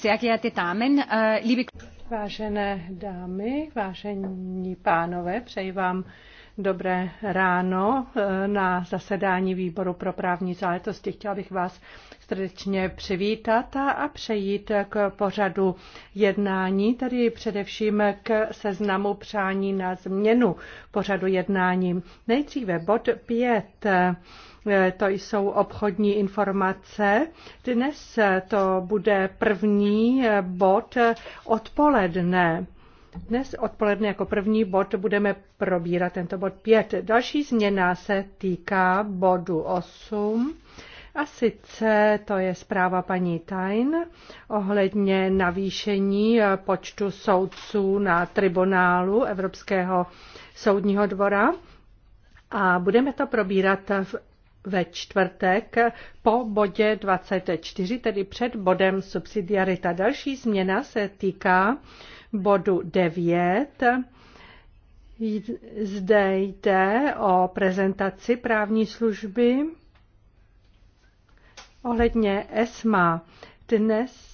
Sehr geehrte Damen, äh, liebe Vážené dámy, vážení pánové, přeji vám Dobré ráno eh, na zasedání výboru pro právní záležitosti. Chtěla bych vás srdečně přivítat a přejít k pořadu jednání, tedy především k seznamu přání na změnu pořadu jednání. Nejdříve bod 5 eh, to jsou obchodní informace. Dnes to bude první eh, bod odpoledne. Dnes odpoledne jako první bod budeme probírat tento bod 5. Další změna se týká bodu 8. A sice to je zpráva paní Tajn ohledně navýšení počtu soudců na tribunálu Evropského soudního dvora. A budeme to probírat v ve čtvrtek po bodě 24, tedy před bodem subsidiarita. Další změna se týká bodu 9. Zde jde o prezentaci právní služby ohledně ESMA. Dnes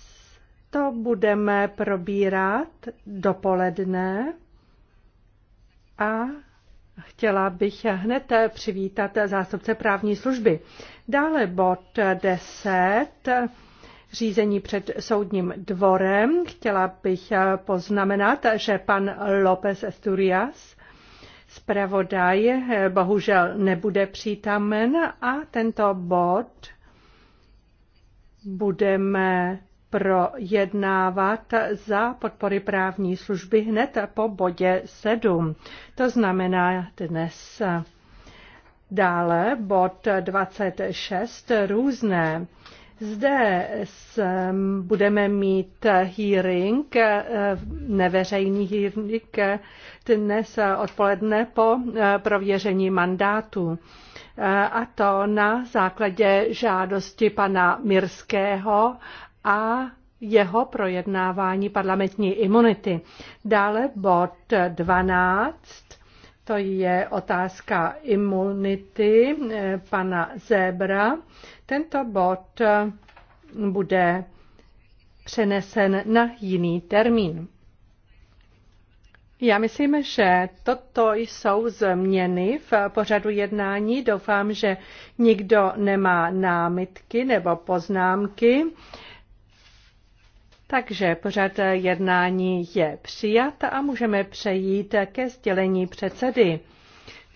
to budeme probírat dopoledne a Chtěla bych hned přivítat zástupce právní služby. Dále bod 10 řízení před soudním dvorem. Chtěla bych eh, poznamenat, že pan López Esturias, zpravodaj, eh, bohužel nebude přítomen a tento bod budeme projednávat za podpory právní služby hned po bodě 7. To znamená dnes. Dále bod 26 různé. Zde budeme mít hearing, eh, neveřejný hearing dnes odpoledne po eh, prověření mandátu. Eh, a to na základě žádosti pana Mirského a jeho projednávání parlamentní imunity. Dále bod 12, to je otázka imunity pana Zebra tento bod eh, bude přenesen na jiný termín. Já myslím, že toto jsou změny v pořadu jednání. Doufám, že nikdo nemá námitky nebo poznámky. Takže pořad jednání je přijat a můžeme přejít ke sdělení předsedy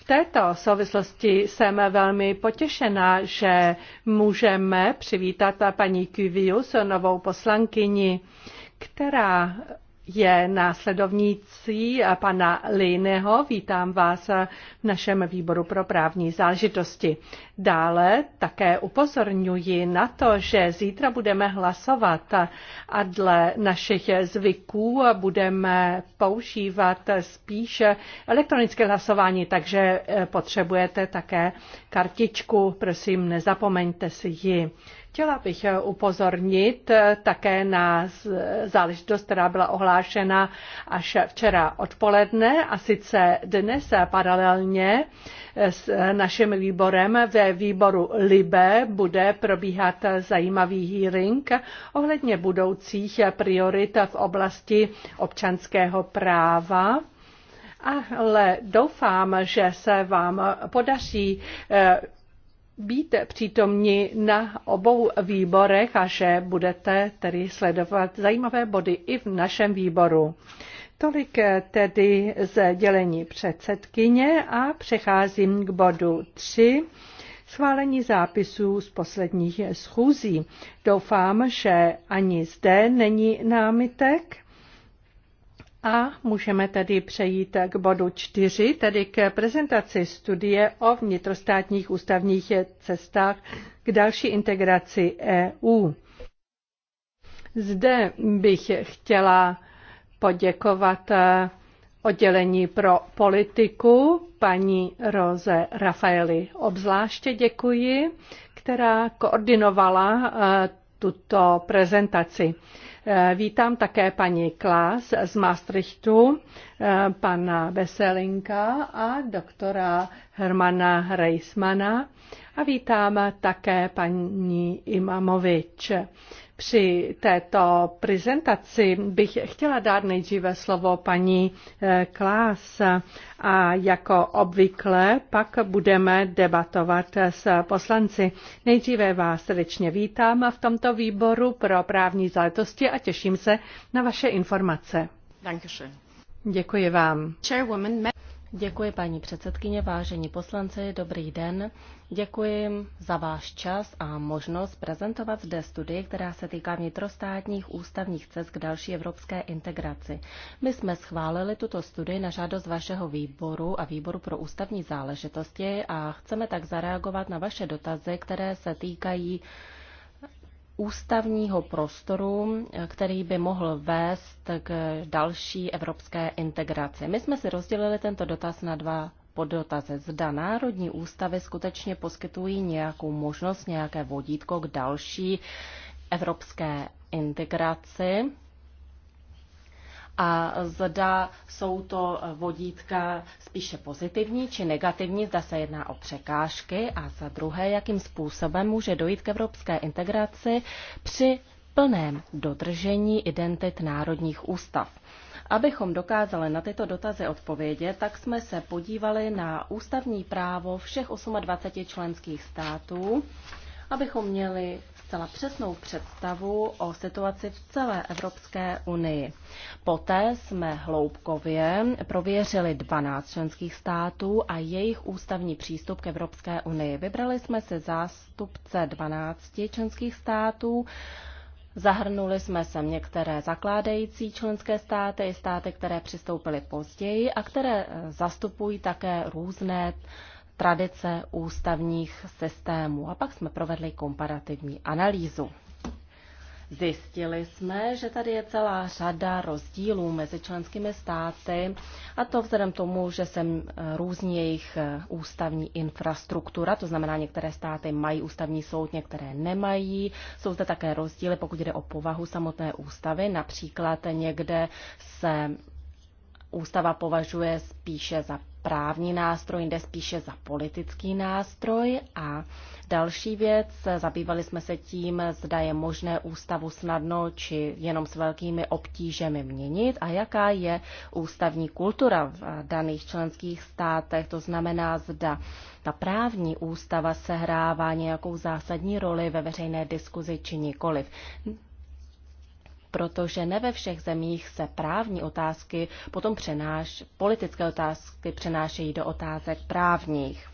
této souvislosti jsem velmi potěšena, že můžeme přivítat paní Cuvius, novou poslankyni, která je následovnící eh, pana Lineho. Vítám vás eh, v našem výboru pro právní záležitosti. Dále také upozorňuji na to, že zítra budeme hlasovat eh, a dle našich zvyků budeme používat spíše elektronické hlasování, takže potřebujete také kartičku, prosím, nezapomeňte si ji. Chtěla bych eh, upozornit eh, také na záležitost, která byla ohlášena až včera odpoledne a sice dnes paralelně eh, s naším výborem ve výboru LIBE bude probíhat zajímavý hearing ohledně budoucích priorit v oblasti občanského práva ale doufám, že se vám podaří být přítomni na obou výborech a že budete tedy sledovat zajímavé body i v našem výboru. Tolik tedy z dělení předsedkyně a přecházím k bodu 3 schválení zápisů z posledních schůzí. Doufám, že ani zde není námitek. A můžeme tedy přejít k bodu čtyři, tedy k prezentaci studie o vnitrostátních ústavních cestách k další integraci EU. Zde bych chtěla poděkovat eh, oddělení pro politiku paní Roze Rafaeli. Obzvláště děkuji, která koordinovala eh, tuto prezentaci. Eh, vítám také paní Klas z Maastrichtu, eh, pana Veselinka a doktora Hermana Reismana a vítám také paní Imamovič. Při této prezentaci bych chtěla dát nejdříve slovo paní eh, Klás a jako obvykle pak budeme debatovat s poslanci. Nejdříve vás srdečně vítám v tomto výboru pro právní záležitosti a těším se na vaše informace. Děkuji vám. Děkuji paní předsedkyně, vážení poslanci, dobrý den. Děkuji za váš čas a možnost prezentovat zde studii, která se týká vnitrostátních ústavních cest k další evropské integraci. My jsme schválili tuto studii na žádost vašeho výboru a výboru pro ústavní záležitosti a chceme tak zareagovat na vaše dotazy, které se týkají ústavního prostoru, který by mohl vést k další evropské integraci. My jsme si rozdělili tento dotaz na dva poddotazy. Zda národní ústavy skutečně poskytují nějakou možnost, nějaké vodítko k další evropské integraci a zda jsou to vodítka spíše pozitivní či negativní, zda se jedná o překážky a za druhé, jakým způsobem může dojít k evropské integraci při plném dodržení identit národních ústav. Abychom dokázali na tyto dotazy odpovědět, tak jsme se podívali na ústavní právo všech 28 členských států abychom měli zcela přesnou představu o situaci v celé Evropské unii. Poté jsme hloubkově prověřili 12 členských států a jejich ústavní přístup k Evropské unii. Vybrali jsme se zástupce 12 členských států, Zahrnuli jsme sem některé zakládající členské státy i státy, které přistoupily později a které eh, zastupují také různé tradice ústavních systémů. A pak jsme provedli komparativní analýzu. Zjistili jsme, že tady je celá řada rozdílů mezi členskými státy a to vzhledem tomu, že se eh, různí jejich eh, ústavní infrastruktura, to znamená, některé státy mají ústavní soud, některé nemají. Jsou zde také rozdíly, pokud jde o povahu samotné ústavy, například někde se ústava považuje spíše za právní nástroj, jde spíše za politický nástroj. A další věc, zabývali jsme se tím, zda je možné ústavu snadno či jenom s velkými obtížemi měnit a jaká je ústavní kultura v daných členských státech. To znamená, zda ta právní ústava sehrává nějakou zásadní roli ve veřejné diskuzi či nikoliv protože ne ve všech zemích se právní otázky potom přenáš, politické otázky přenášejí do otázek právních.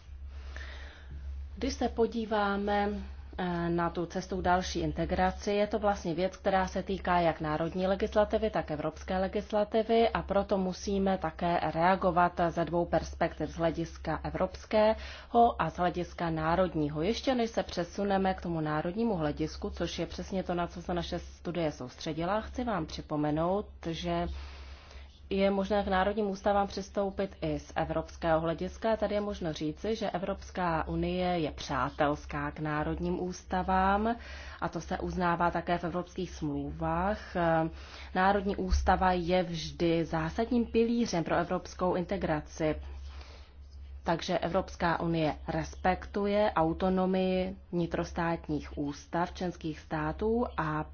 Když se podíváme Eh, na tu cestu další integraci. Je to vlastně věc, která se týká jak národní legislativy, tak evropské legislativy a proto musíme také reagovat ze dvou perspektiv z hlediska evropského a z hlediska národního. Ještě než se přesuneme k tomu národnímu hledisku, což je přesně to, na co se naše studie soustředila, chci vám připomenout, že je možné k národním ústavám přistoupit i z evropského hlediska. Tady je možno říci, že Evropská unie je přátelská k národním ústavám a to se uznává také v evropských smlouvách. Národní ústava je vždy zásadním pilířem pro evropskou integraci. Takže Evropská unie respektuje autonomii vnitrostátních ústav členských států a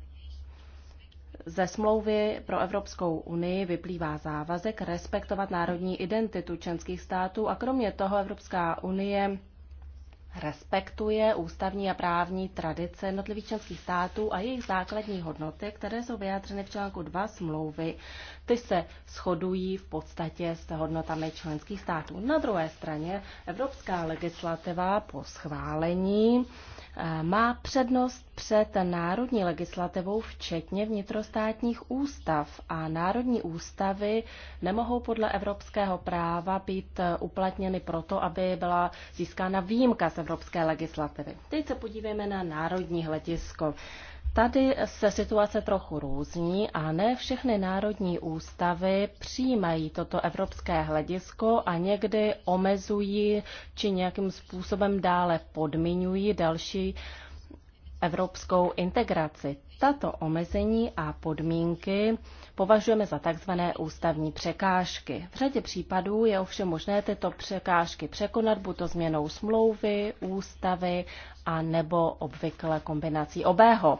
ze smlouvy pro Evropskou unii vyplývá závazek respektovat národní identitu členských států a kromě toho Evropská unie respektuje ústavní a právní tradice jednotlivých členských států a jejich základní hodnoty, které jsou vyjádřeny v článku 2 smlouvy. Ty se shodují v podstatě s hodnotami členských států. Na druhé straně evropská legislativa po schválení eh, má přednost před národní legislativou, včetně vnitrostátních ústav. A národní ústavy nemohou podle evropského práva být uplatněny proto, aby byla získána výjimka z evropské legislativy. Teď se podívejme na národní hledisko. Tady se situace trochu různí a ne všechny národní ústavy přijímají toto evropské hledisko a někdy omezují či nějakým způsobem dále podmiňují další evropskou integraci. Tato omezení a podmínky považujeme za tzv. ústavní překážky. V řadě případů je ovšem možné tyto překážky překonat buď to změnou smlouvy, ústavy a nebo obvykle kombinací obého.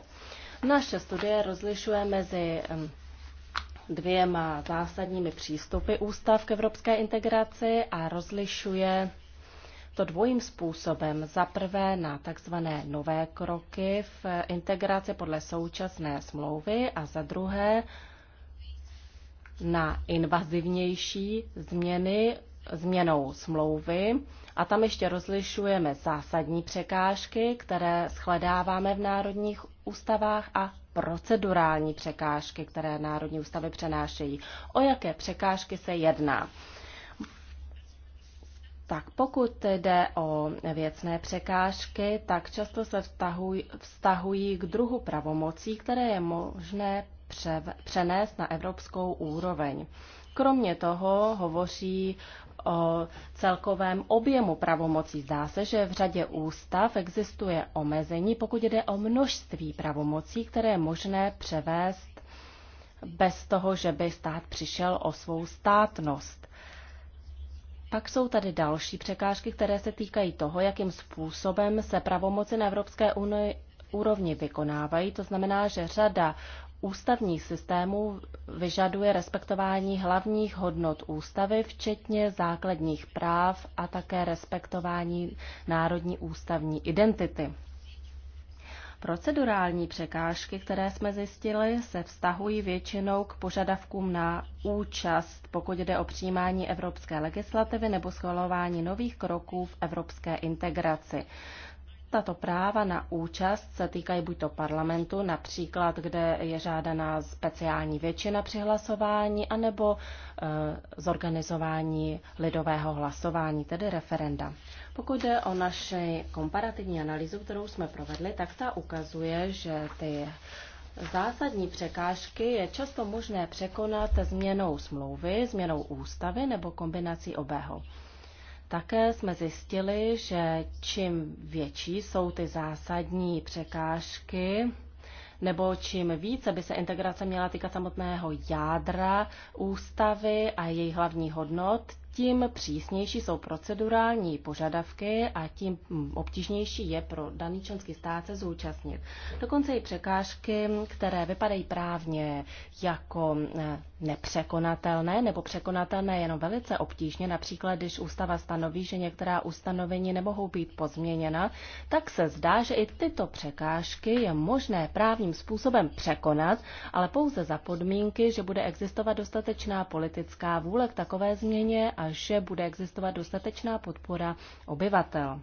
Naše studie rozlišuje mezi dvěma zásadními přístupy ústav k evropské integraci a rozlišuje to dvojím způsobem. Za prvé na takzvané nové kroky v integraci podle současné smlouvy a za druhé na invazivnější změny změnou smlouvy a tam ještě rozlišujeme zásadní překážky, které shledáváme v národních ústavách a procedurální překážky, které národní ústavy přenášejí. O jaké překážky se jedná? Tak pokud jde o věcné překážky, tak často se vztahují, vztahují k druhu pravomocí, které je možné přenést na evropskou úroveň. Kromě toho hovoří o celkovém objemu pravomocí. Zdá se, že v řadě ústav existuje omezení, pokud jde o množství pravomocí, které je možné převést bez toho, že by stát přišel o svou státnost. Pak jsou tady další překážky, které se týkají toho, jakým způsobem se pravomoci na Evropské unii úrovni vykonávají. To znamená, že řada ústavních systémů vyžaduje respektování hlavních hodnot ústavy, včetně základních práv a také respektování národní ústavní identity. Procedurální překážky, které jsme zjistili, se vztahují většinou k požadavkům na účast, pokud jde o přijímání evropské legislativy nebo schvalování nových kroků v evropské integraci. Tato práva na účast se týkají buď to parlamentu, například kde je žádaná speciální většina při hlasování, anebo e, zorganizování lidového hlasování, tedy referenda. Pokud jde o naši komparativní analýzu, kterou jsme provedli, tak ta ukazuje, že ty zásadní překážky je často možné překonat změnou smlouvy, změnou ústavy nebo kombinací obého. Také jsme zjistili, že čím větší jsou ty zásadní překážky, nebo čím více by se integrace měla týkat samotného jádra ústavy a její hlavní hodnot, tím přísnější jsou procedurální požadavky a tím obtížnější je pro daný členský stát se zúčastnit. Dokonce i překážky, které vypadají právně jako eh, nepřekonatelné nebo překonatelné jenom velice obtížně, například když ústava stanoví, že některá ustanovení nemohou být pozměněna, tak se zdá, že i tyto překážky je možné právním způsobem překonat, ale pouze za podmínky, že bude existovat dostatečná politická vůle k takové změně a že bude existovat dostatečná podpora obyvatel.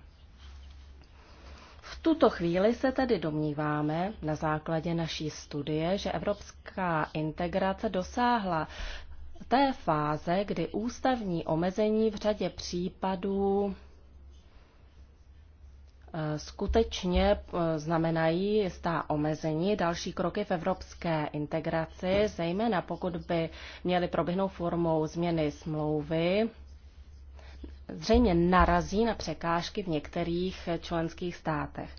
V tuto chvíli se tedy domníváme na základě naší studie, že evropská integrace dosáhla té fáze, kdy ústavní omezení v řadě případů Eh, skutečně eh, znamenají jistá omezení, další kroky v evropské integraci, zejména pokud by měly proběhnout formou změny smlouvy, zřejmě narazí na překážky v některých členských státech.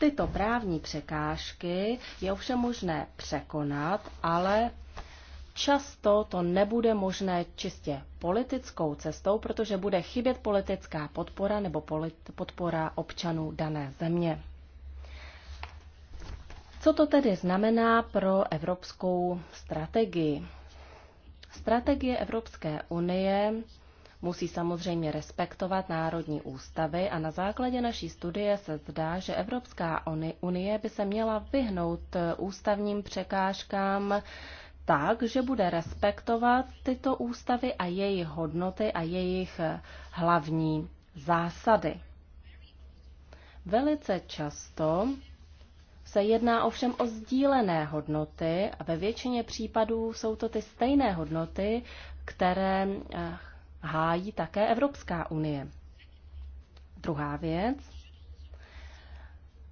Tyto právní překážky je ovšem možné překonat, ale Často to nebude možné čistě politickou cestou, protože bude chybět politická podpora nebo polit- podpora občanů dané země. Co to tedy znamená pro evropskou strategii? Strategie Evropské unie musí samozřejmě respektovat národní ústavy a na základě naší studie se zdá, že Evropská unie by se měla vyhnout ústavním překážkám, tak, že bude respektovat tyto ústavy a jejich hodnoty a jejich hlavní zásady. Velice často se jedná ovšem o sdílené hodnoty a ve většině případů jsou to ty stejné hodnoty, které eh, hájí také Evropská unie. Druhá věc,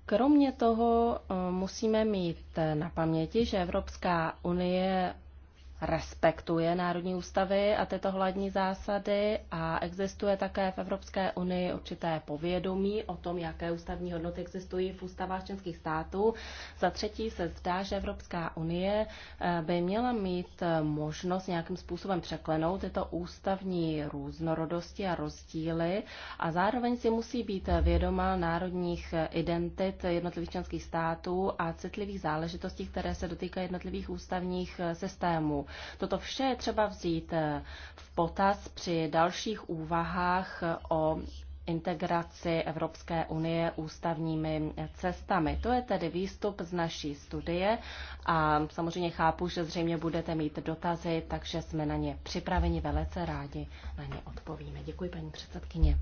Kromě toho eh, musíme mít na paměti, že Evropská unie respektuje národní ústavy a tyto hladní zásady a existuje také v Evropské unii určité povědomí o tom, jaké ústavní hodnoty existují v ústavách členských států. Za třetí se zdá, že Evropská unie eh, by měla mít eh, možnost nějakým způsobem překlenout tyto ústavní různorodosti a rozdíly a zároveň si musí být vědoma národních identit jednotlivých členských států a citlivých záležitostí, které se dotýkají jednotlivých ústavních eh, systémů. Toto vše je třeba vzít eh, v potaz při dalších úvahách eh, o integraci Evropské unie ústavními eh, cestami. To je tedy výstup z naší studie a samozřejmě chápu, že zřejmě budete mít dotazy, takže jsme na ně připraveni velice rádi, na ně odpovíme. Děkuji, paní předsedkyně.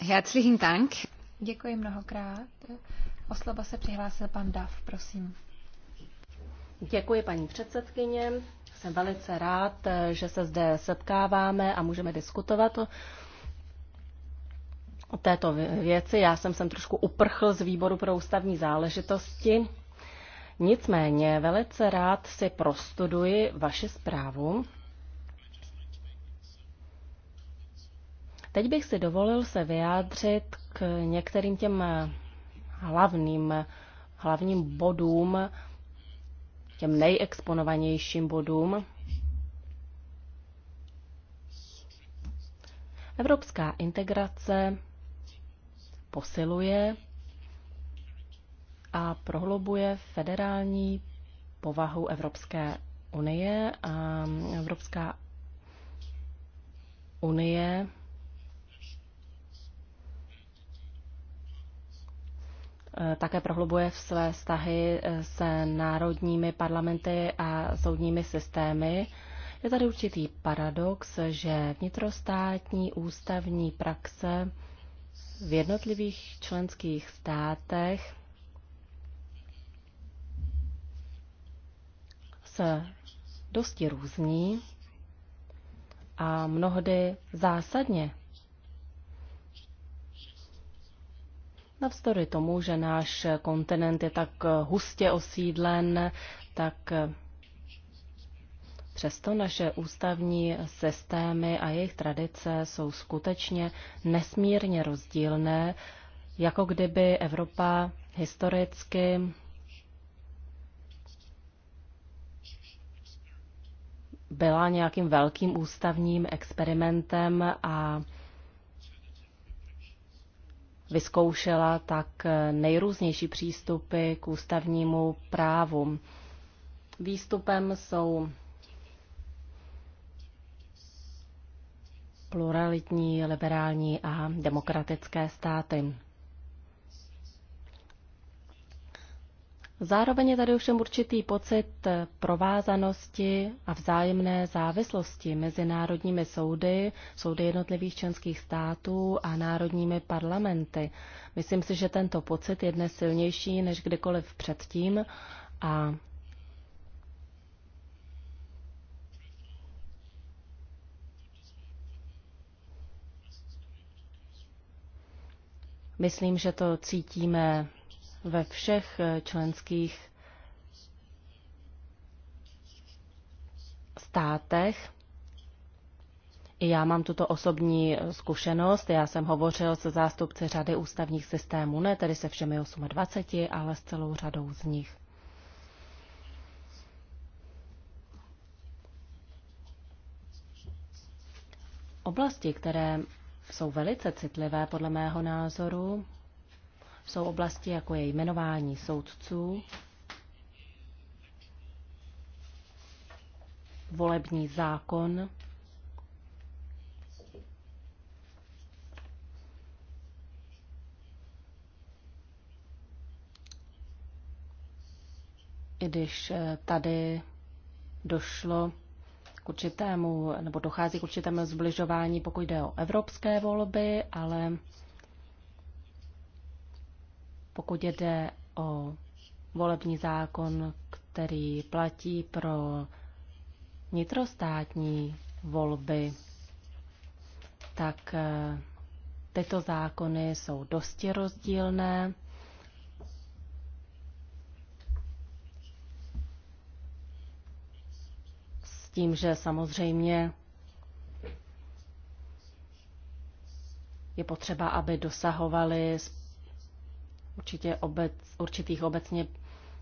Herzlichen Dank. Děkuji mnohokrát. O se přihlásil pan Dav, prosím. Děkuji, paní předsedkyně. Jsem velice rád, že se zde setkáváme a můžeme diskutovat o, této věci. Já jsem sem trošku uprchl z výboru pro ústavní záležitosti. Nicméně velice rád si prostuduji vaši zprávu. Teď bych si dovolil se vyjádřit k některým těm hlavním, hlavním bodům, těm nejexponovanějším bodům. Evropská integrace posiluje a prohlubuje federální povahu Evropské unie a Evropská unie Eh, také prohlubuje v své vztahy eh, se národními parlamenty a soudními systémy. Je tady určitý paradox, že vnitrostátní ústavní praxe v jednotlivých členských státech se dosti různí a mnohdy zásadně Navzdory tomu, že náš kontinent je tak hustě osídlen, tak Přesto naše ústavní systémy a jejich tradice jsou skutečně nesmírně rozdílné, jako kdyby Evropa historicky byla nějakým velkým ústavním experimentem a vyzkoušela tak eh, nejrůznější přístupy k ústavnímu právu. Výstupem jsou pluralitní, liberální a demokratické státy. Zároveň je tady ovšem určitý pocit provázanosti a vzájemné závislosti mezi národními soudy, soudy jednotlivých členských států a národními parlamenty. Myslím si, že tento pocit je dnes silnější než kdykoliv předtím a Myslím, že to cítíme ve všech eh, členských státech. já mám tuto osobní eh, zkušenost. Já jsem hovořil se zástupci řady ústavních systémů, ne tedy se všemi 28, ale s celou řadou z nich. Oblasti, které jsou velice citlivé podle mého názoru, jsou oblasti, jako je jmenování soudců, volební zákon, i když eh, tady došlo k určitému, nebo dochází k určitému zbližování, pokud jde o evropské volby, ale pokud jde o volební zákon, který platí pro nitrostátní volby, tak eh, tyto zákony jsou dosti rozdílné. S tím, že samozřejmě je potřeba, aby dosahovali určitě obec, určitých obecně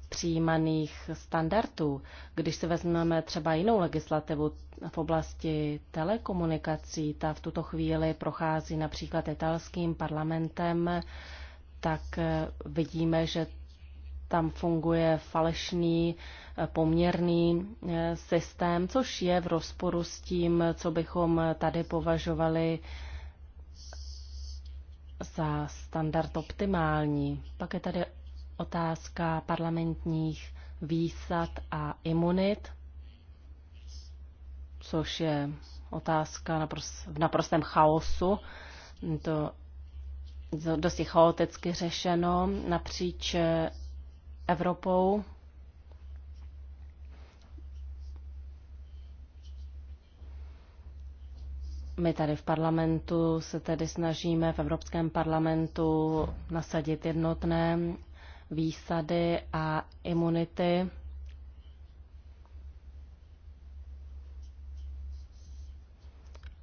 přijímaných standardů. Když se vezmeme třeba jinou legislativu v oblasti telekomunikací, ta v tuto chvíli prochází například italským parlamentem, tak eh, vidíme, že tam funguje falešný eh, poměrný eh, systém, což je v rozporu s tím, co bychom tady považovali za standard optimální. Pak je tady otázka parlamentních výsad a imunit, což je otázka v naprostém chaosu. To dosti chaoticky řešeno napříč Evropou. My tady v parlamentu se tedy snažíme v Evropském parlamentu nasadit jednotné výsady a imunity.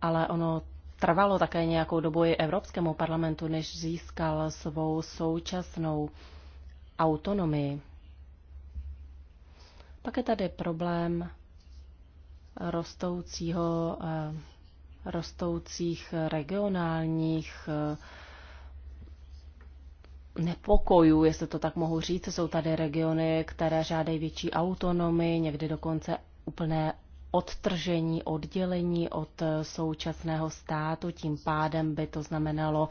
Ale ono trvalo také nějakou dobu i Evropskému parlamentu, než získal svou současnou autonomii. Pak je tady problém rostoucího eh, rostoucích regionálních eh, nepokojů, jestli to tak mohu říct. Jsou tady regiony, které žádají větší autonomii, někdy dokonce úplné odtržení, oddělení od eh, současného státu. Tím pádem by to znamenalo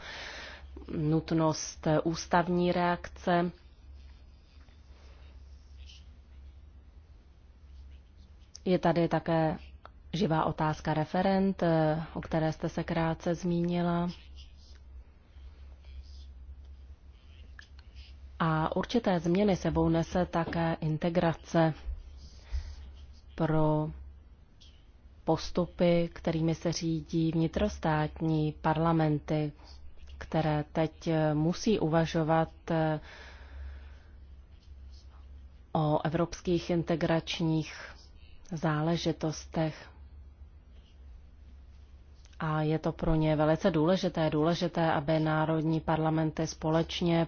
nutnost eh, ústavní reakce. Je tady také živá otázka referent, eh, o které jste se krátce zmínila. A určité změny sebou nese také integrace pro postupy, kterými se řídí vnitrostátní parlamenty, které teď eh, musí uvažovat eh, o evropských integračních záležitostech a je to pro ně velice důležité. Důležité, aby národní parlamenty společně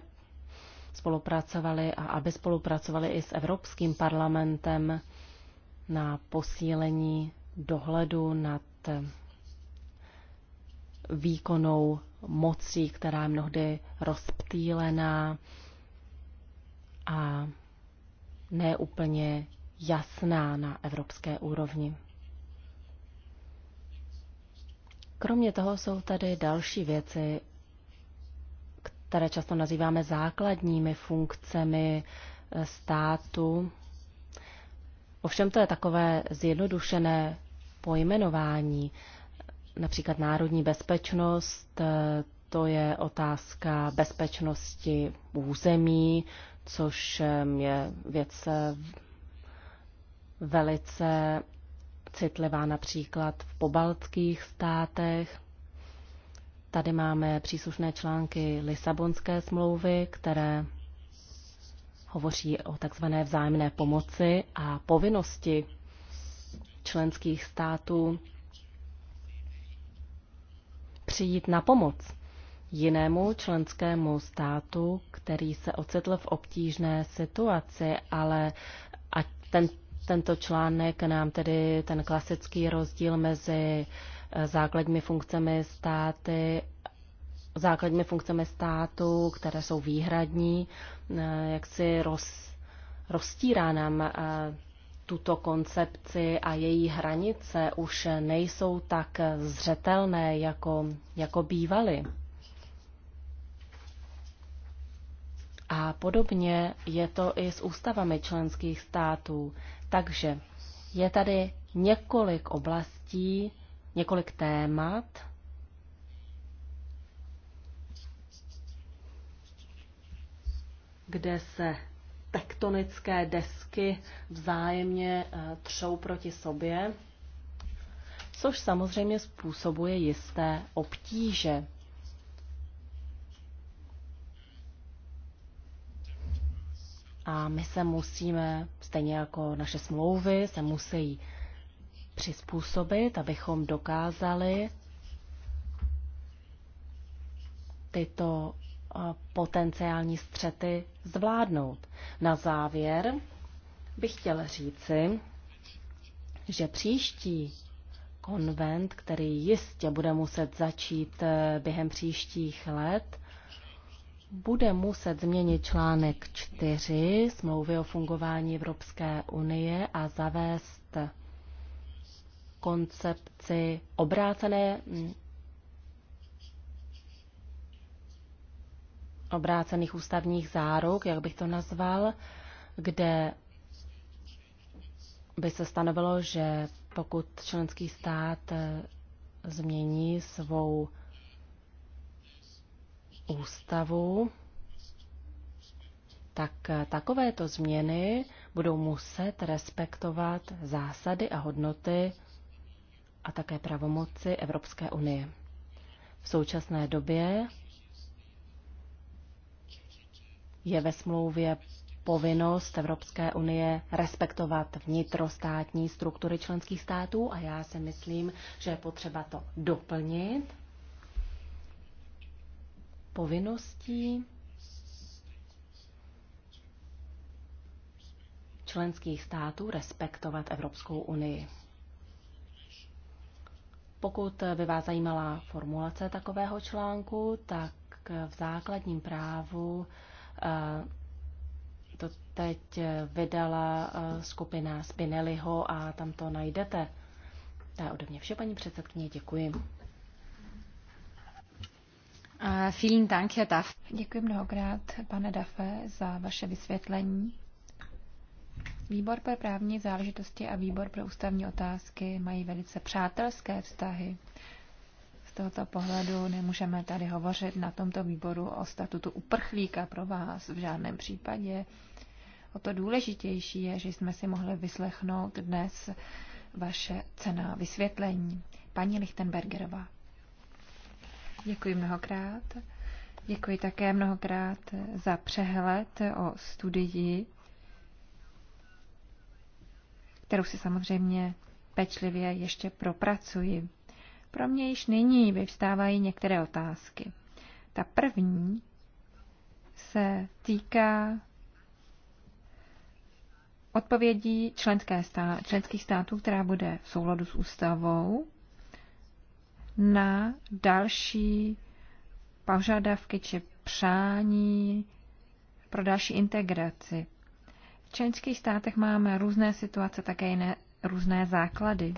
spolupracovali a aby spolupracovali i s Evropským parlamentem na posílení dohledu nad výkonou mocí, která je mnohdy rozptýlená a neúplně jasná na evropské úrovni. Kromě toho jsou tady další věci, které často nazýváme základními funkcemi eh, státu. Ovšem to je takové zjednodušené pojmenování. Například národní bezpečnost, eh, to je otázka bezpečnosti území, což eh, je věc velice citlivá například v pobaltských státech. Tady máme příslušné články Lisabonské smlouvy, které hovoří o takzvané vzájemné pomoci a povinnosti členských států přijít na pomoc jinému členskému státu, který se ocitl v obtížné situaci, ale ať ten tento článek nám tedy ten klasický rozdíl mezi eh, základními funkcemi státy základními funkcemi státu, které jsou výhradní, eh, jak si roz, roztírá nám eh, tuto koncepci a její hranice už nejsou tak zřetelné, jako, jako bývaly. A podobně je to i s ústavami členských států. Takže je tady několik oblastí, několik témat, kde se tektonické desky vzájemně eh, třou proti sobě, což samozřejmě způsobuje jisté obtíže. a my se musíme, stejně jako naše smlouvy, se musí přizpůsobit, abychom dokázali tyto potenciální střety zvládnout. Na závěr bych chtěl říci, že příští konvent, který jistě bude muset začít e, během příštích let, bude muset změnit článek 4 smlouvy o fungování Evropské unie a zavést koncepci obrácené obrácených ústavních záruk, jak bych to nazval, kde by se stanovilo, že pokud členský stát změní svou ústavu, tak takovéto změny budou muset respektovat zásady a hodnoty a také pravomoci Evropské unie. V současné době je ve smlouvě povinnost Evropské unie respektovat vnitrostátní struktury členských států a já si myslím, že je potřeba to doplnit povinností členských států respektovat Evropskou unii. Pokud by vás zajímala formulace takového článku, tak v základním právu eh, to teď vydala eh, skupina Spinelliho a tam to najdete. To je ode mě vše, paní předsedkyně, děkuji. Vielen Dank, Herr Duff. Děkuji mnohokrát, pane Dafe, za vaše vysvětlení. Výbor pro právní záležitosti a výbor pro ústavní otázky mají velice přátelské vztahy. Z tohoto pohledu nemůžeme tady hovořit na tomto výboru o statutu uprchlíka pro vás v žádném případě. O to důležitější je, že jsme si mohli vyslechnout dnes vaše cená vysvětlení. Paní Lichtenbergerová. Děkuji mnohokrát. Děkuji také mnohokrát za přehled o studii, kterou si samozřejmě pečlivě ještě propracuji. Pro mě již nyní vyvstávají některé otázky. Ta první se týká odpovědí členské stá- členských států, která bude v souladu s ústavou na další požadavky či přání pro další integraci. V členských státech máme různé situace, také jiné, různé základy.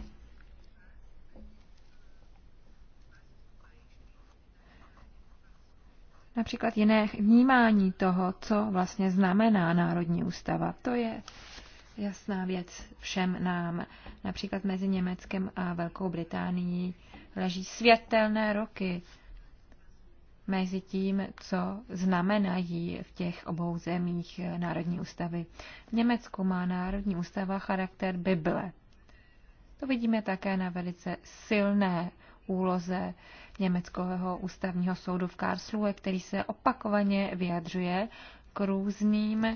Například jiné vnímání toho, co vlastně znamená Národní ústava. To je jasná věc všem nám. Například mezi Německem a Velkou Británií leží světelné roky mezi tím, co znamenají v těch obou zemích národní ústavy. V Německu má národní ústava charakter Bible. To vidíme také na velice silné úloze Německého ústavního soudu v Karlsruhe, který se opakovaně vyjadřuje k různým eh,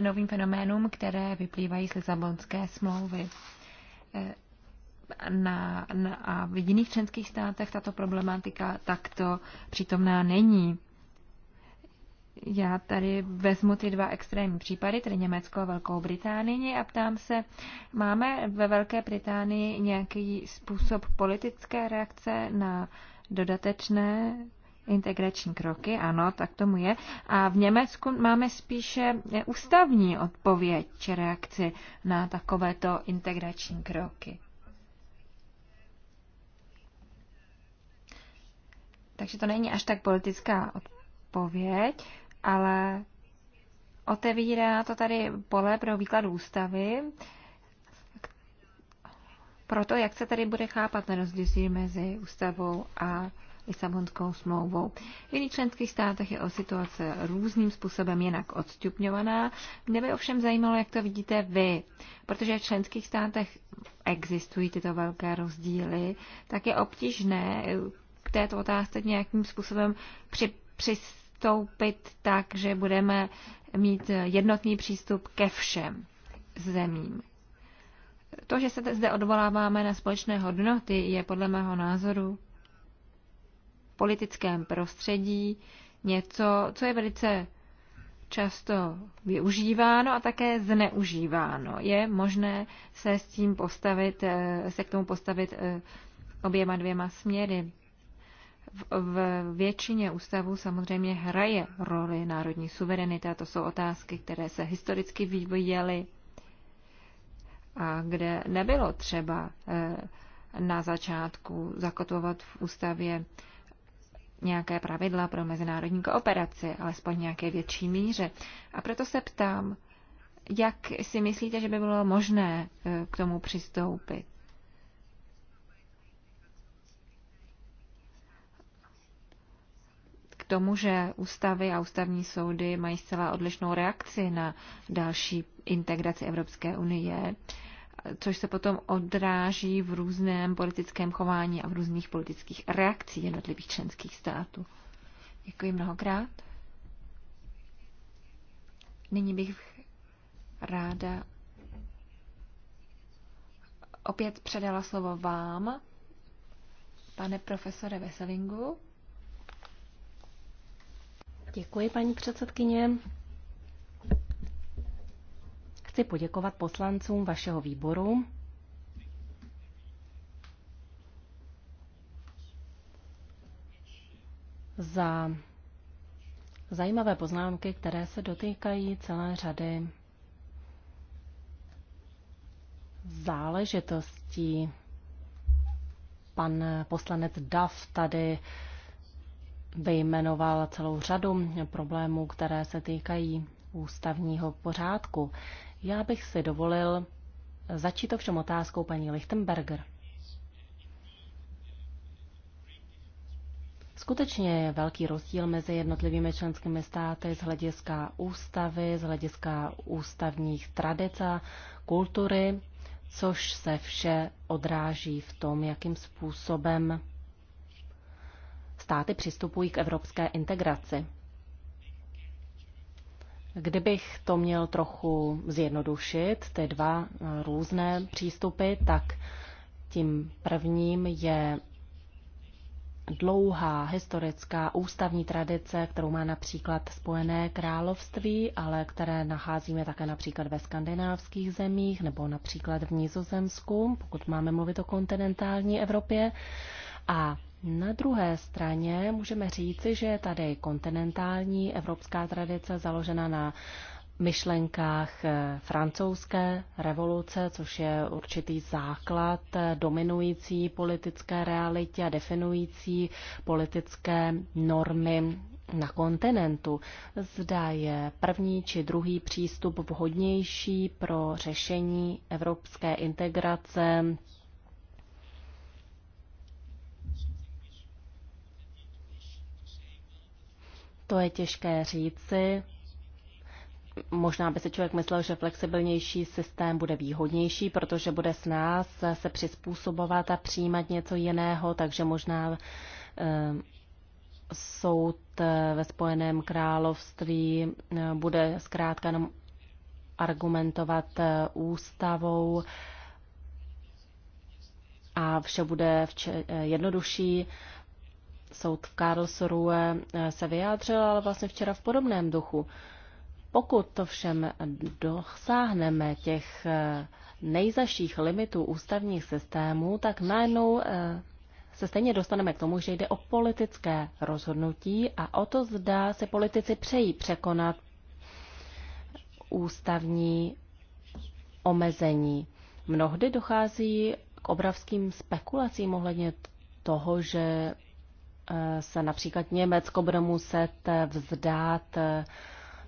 novým fenoménům, které vyplývají z Lisabonské smlouvy. Eh, na, na, a v jiných členských státech tato problematika takto přítomná není. Já tady vezmu ty dva extrémní případy, tedy Německo a Velkou Británii, a ptám se, máme ve Velké Británii nějaký způsob politické reakce na dodatečné integrační kroky? Ano, tak tomu je. A v Německu máme spíše ústavní odpověď či reakci na takovéto integrační kroky. Takže to není až tak politická odpověď, ale otevírá to tady pole pro výklad ústavy, proto jak se tady bude chápat na rozdíl mezi ústavou a Lisabonskou smlouvou. V jiných členských státech je o situace různým způsobem jinak odstupňovaná. Mě by ovšem zajímalo, jak to vidíte vy, protože v členských státech existují tyto velké rozdíly, tak je obtížné této otázce nějakým způsobem při, přistoupit tak, že budeme mít jednotný přístup ke všem zemím. To, že se zde odvoláváme na společné hodnoty, je podle mého názoru v politickém prostředí něco, co je velice často využíváno a také zneužíváno. Je možné se s tím postavit, eh, se k tomu postavit eh, oběma dvěma směry v většině ústavů samozřejmě hraje roli národní suverenita. To jsou otázky, které se historicky vyvíjely a kde nebylo třeba eh, na začátku zakotvovat v ústavě nějaké pravidla pro mezinárodní kooperaci, alespoň nějaké větší míře. A proto se ptám, jak si myslíte, že by bylo možné eh, k tomu přistoupit? tomu, že ústavy a ústavní soudy mají zcela odlišnou reakci na další integraci Evropské unie, což se potom odráží v různém politickém chování a v různých politických reakcích jednotlivých členských států. Děkuji mnohokrát. Nyní bych ráda opět předala slovo vám, pane profesore Veselingu. Děkuji, paní předsedkyně. Chci poděkovat poslancům vašeho výboru. za zajímavé poznámky, které se dotýkají celé řady záležitostí. Pan poslanec Duff tady uh, vyjmenoval celou řadu problémů, které se týkají ústavního pořádku. Já bych si dovolil začít ovšem otázkou paní Lichtenberger. Skutečně je velký rozdíl mezi jednotlivými členskými státy z hlediska ústavy, z hlediska ústavních tradic a kultury, což se vše odráží v tom, jakým způsobem státy přistupují k evropské integraci. Kdybych to měl trochu zjednodušit, ty dva eh, různé přístupy, tak tím prvním je dlouhá historická ústavní tradice, kterou má například Spojené království, ale které nacházíme také například ve skandinávských zemích nebo například v Nizozemsku, pokud máme mluvit o kontinentální Evropě. A na druhé straně můžeme říci, že je tady kontinentální evropská tradice založena na myšlenkách eh, francouzské revoluce, což je určitý základ eh, dominující politické realitě a definující politické normy na kontinentu. Zda je první či druhý přístup vhodnější pro řešení evropské integrace To je těžké říci. Možná by si člověk myslel, že flexibilnější systém bude výhodnější, protože bude s nás se přizpůsobovat a přijímat něco jiného, takže možná eh, soud eh, ve Spojeném království eh, bude zkrátka jenom argumentovat ústavou a vše bude jednodušší soud v Karlsruhe eh, se vyjádřil, ale vlastně včera v podobném duchu. Pokud to všem dosáhneme těch eh, nejzaších limitů ústavních systémů, tak najednou eh, se stejně dostaneme k tomu, že jde o politické rozhodnutí a o to zda se politici přejí překonat ústavní omezení. Mnohdy dochází k obravským spekulacím ohledně toho, že se například Německo bude muset vzdát eh,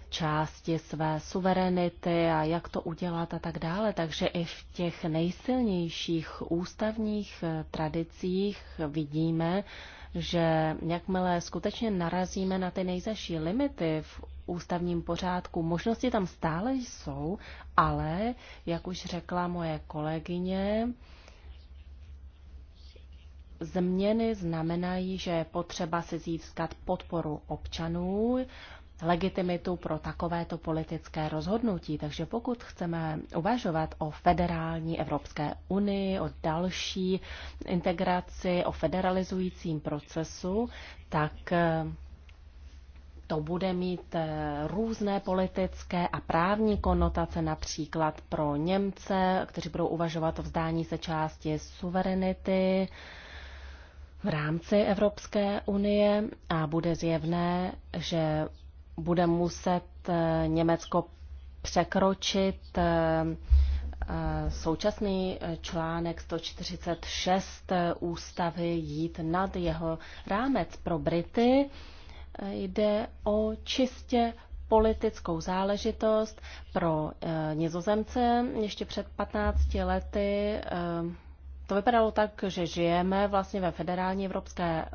části své suverenity a jak to udělat a tak dále. Takže i v těch nejsilnějších ústavních eh, tradicích vidíme, že jakmile skutečně narazíme na ty nejzaší limity v ústavním pořádku, možnosti tam stále jsou, ale, jak už řekla moje kolegyně, změny znamenají, že je potřeba si získat podporu občanů, legitimitu pro takovéto politické rozhodnutí. Takže pokud chceme uvažovat o federální Evropské unii, o další integraci, o federalizujícím procesu, tak eh, to bude mít eh, různé politické a právní konotace, například pro Němce, kteří budou uvažovat o vzdání se části suverenity, v rámci Evropské unie a bude zjevné, že bude muset eh, Německo překročit eh, eh, současný článek 146 ústavy jít nad jeho rámec pro Brity. Jde o čistě politickou záležitost pro Nizozemce. Ještě před 15 lety to vypadalo tak, že žijeme vlastně ve federální Evropské eh,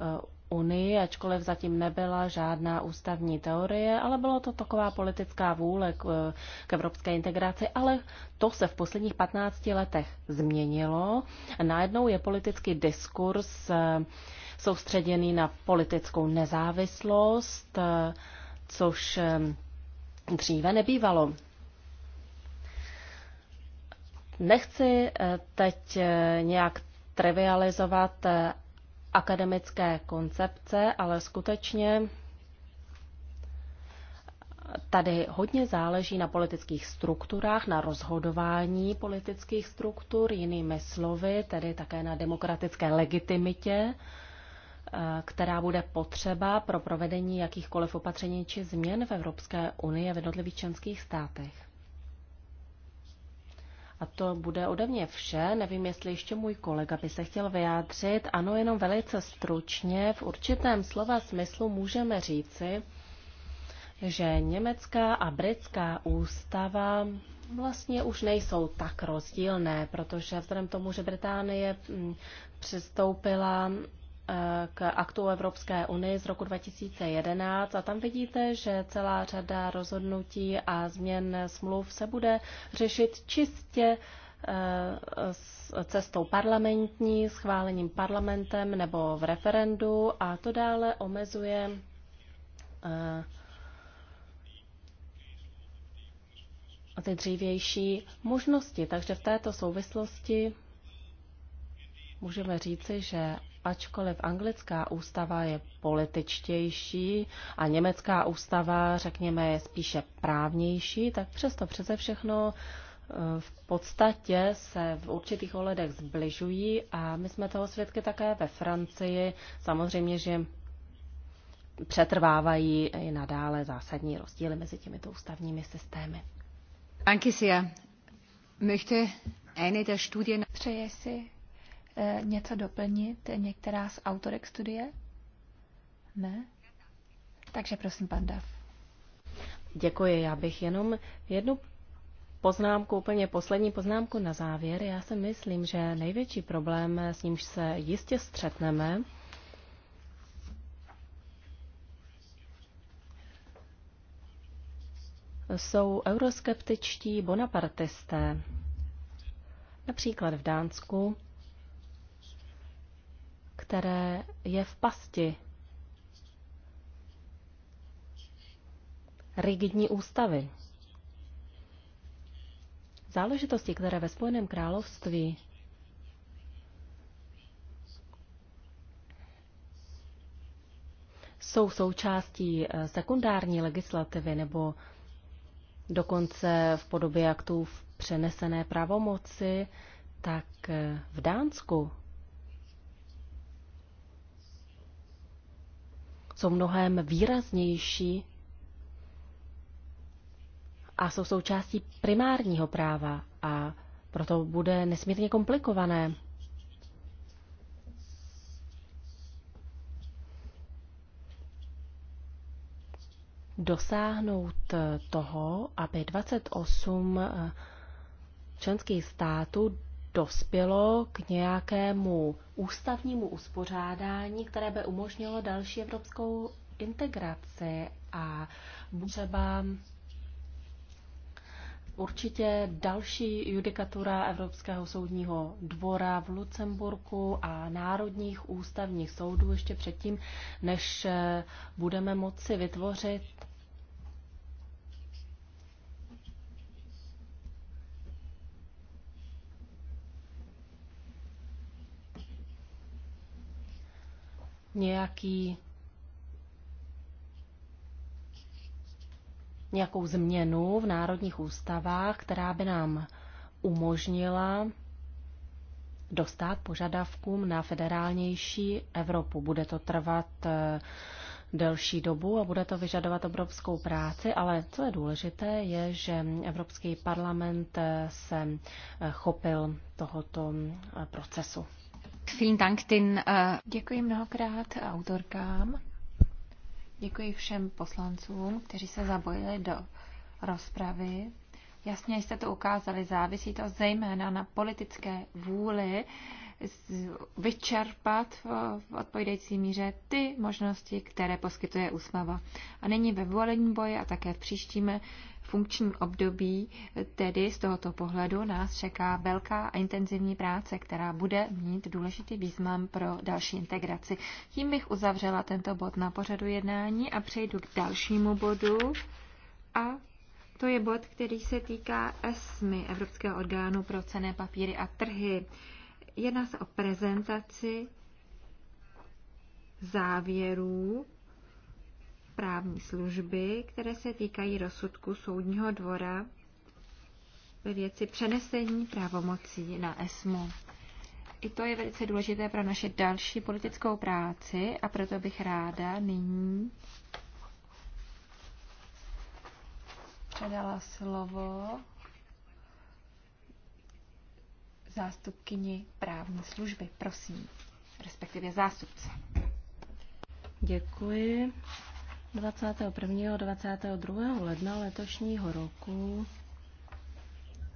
unii, ačkoliv zatím nebyla žádná ústavní teorie, ale byla to taková politická vůle k, eh, k evropské integraci, ale to se v posledních 15 letech změnilo. Najednou je politický diskurs eh, soustředěný na politickou nezávislost, což dříve nebývalo. Nechci eh, teď eh, nějak trivializovat eh, akademické koncepce, ale skutečně tady hodně záleží na politických strukturách, na rozhodování politických struktur, jinými slovy, tedy také na demokratické legitimitě, která bude potřeba pro provedení jakýchkoliv opatření či změn v Evropské unii a v jednotlivých členských státech. A to bude ode mě vše. Nevím, jestli ještě můj kolega by se chtěl vyjádřit. Ano, jenom velice stručně. V určitém slova smyslu můžeme říci, že německá a britská ústava vlastně už nejsou tak rozdílné, protože vzhledem tomu, že Británie mm, přistoupila k aktu Evropské unie z roku 2011 a tam vidíte, že celá řada rozhodnutí a změn smluv se bude řešit čistě eh, s cestou parlamentní, schválením parlamentem nebo v referendu a to dále omezuje eh, ty dřívější možnosti. Takže v této souvislosti můžeme říci, že ačkoliv anglická ústava je političtější a německá ústava, řekněme, je spíše právnější, tak přesto přece všechno e, v podstatě se v určitých ohledech zbližují a my jsme toho svědky také ve Francii. Samozřejmě, že přetrvávají i nadále zásadní rozdíly mezi těmito ústavními systémy. Anke sehr. Möchte eine der Studien... Přeje si Eh, něco doplnit, některá z autorek studie? Ne? Takže prosím, pan Dav. Děkuji, já bych jenom jednu poznámku, úplně poslední poznámku na závěr. Já si myslím, že největší problém, s nímž se jistě střetneme, jsou euroskeptičtí bonapartisté. Například v Dánsku které je v pasti rigidní ústavy. Záležitosti, které ve Spojeném království jsou součástí eh, sekundární legislativy nebo dokonce v podobě aktů v přenesené pravomoci, tak eh, v Dánsku jsou mnohem výraznější a jsou součástí primárního práva a proto bude nesmírně komplikované dosáhnout toho, aby 28 členských států dospělo k nějakému ústavnímu uspořádání, které by umožnilo další evropskou integraci a třeba určitě další judikatura Evropského soudního dvora v Lucemburku a národních ústavních soudů ještě předtím, než budeme moci vytvořit nějaký, nějakou změnu v národních ústavách, která by nám umožnila dostat požadavkům na federálnější Evropu. Bude to trvat eh, delší dobu a bude to vyžadovat obrovskou práci, ale co je důležité, je, že Evropský parlament eh, se eh, chopil tohoto procesu. Äh, Děkuji mnohokrát autorkám. Děkuji všem poslancům, kteří se zabojili do rozpravy. Jasně jste to ukázali, závisí to zejména na politické vůli vyčerpat v odpovídající míře ty možnosti, které poskytuje úsmava, A není ve volení boji a také v příštím funkčním období, tedy z tohoto pohledu nás čeká velká a intenzivní práce, která bude mít důležitý význam pro další integraci. Tím bych uzavřela tento bod na pořadu jednání a přejdu k dalšímu bodu. A to je bod, který se týká ESMI, Evropského orgánu pro cené papíry a trhy. Jedná se o prezentaci závěrů právní služby, které se týkají rozsudku Soudního dvora ve věci přenesení právomocí na ESMU. I to je velice důležité pro naše další politickou práci a proto bych ráda nyní předala slovo zástupkyni právní služby. Prosím, respektive zástupce. Děkuji. 21. a 22. ledna letošního roku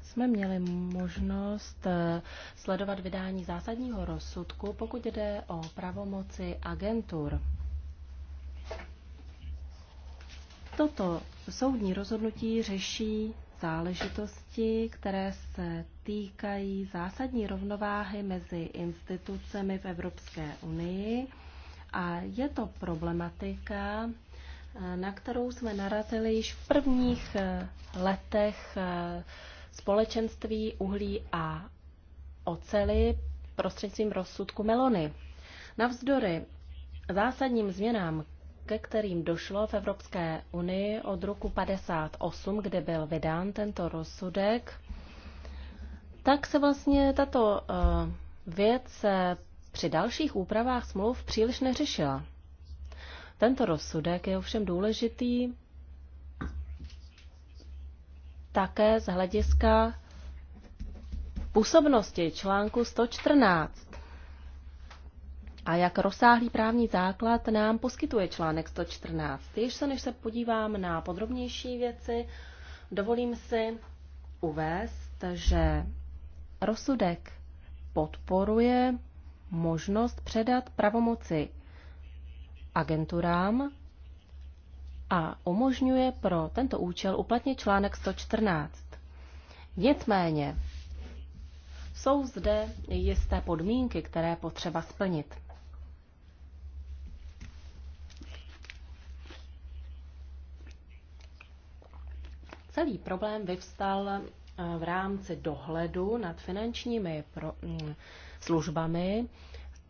jsme měli možnost eh, sledovat vydání zásadního rozsudku, pokud jde o pravomoci agentur. Toto soudní rozhodnutí řeší záležitosti, které se týkají zásadní rovnováhy mezi institucemi v Evropské unii a je to problematika, na kterou jsme narazili již v prvních eh, letech eh, společenství uhlí a oceli prostřednictvím rozsudku Melony. Navzdory zásadním změnám, ke kterým došlo v Evropské unii od roku 58, kde byl vydán tento rozsudek, tak se vlastně tato eh, věc eh, při dalších úpravách smluv příliš neřešila. Tento rozsudek je ovšem důležitý také z hlediska působnosti článku 114 a jak rozsáhlý právní základ nám poskytuje článek 114. se, než se podívám na podrobnější věci, dovolím si uvést, že rozsudek podporuje možnost předat pravomoci agenturám a umožňuje pro tento účel uplatnit článek 114. Nicméně jsou zde jisté podmínky, které potřeba splnit. Celý problém vyvstal eh, v rámci dohledu nad finančními pro, mm, službami,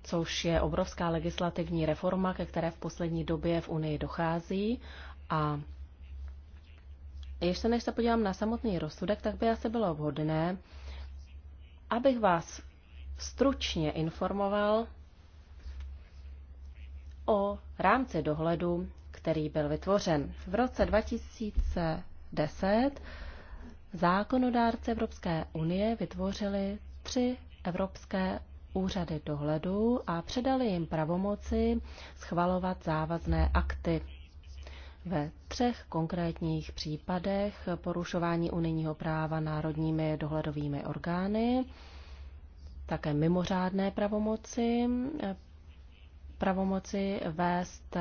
což je obrovská legislativní reforma, ke které v poslední době v Unii dochází. A ještě než se podívám na samotný rozsudek, tak by asi bylo vhodné, abych vás stručně informoval o rámci dohledu, který byl vytvořen. V roce 2000 10 zákonodárce Evropské unie vytvořili tři evropské úřady dohledu a předali jim pravomoci schvalovat závazné akty. Ve třech konkrétních případech porušování unijního práva národními dohledovými orgány, také mimořádné pravomoci, pravomoci vést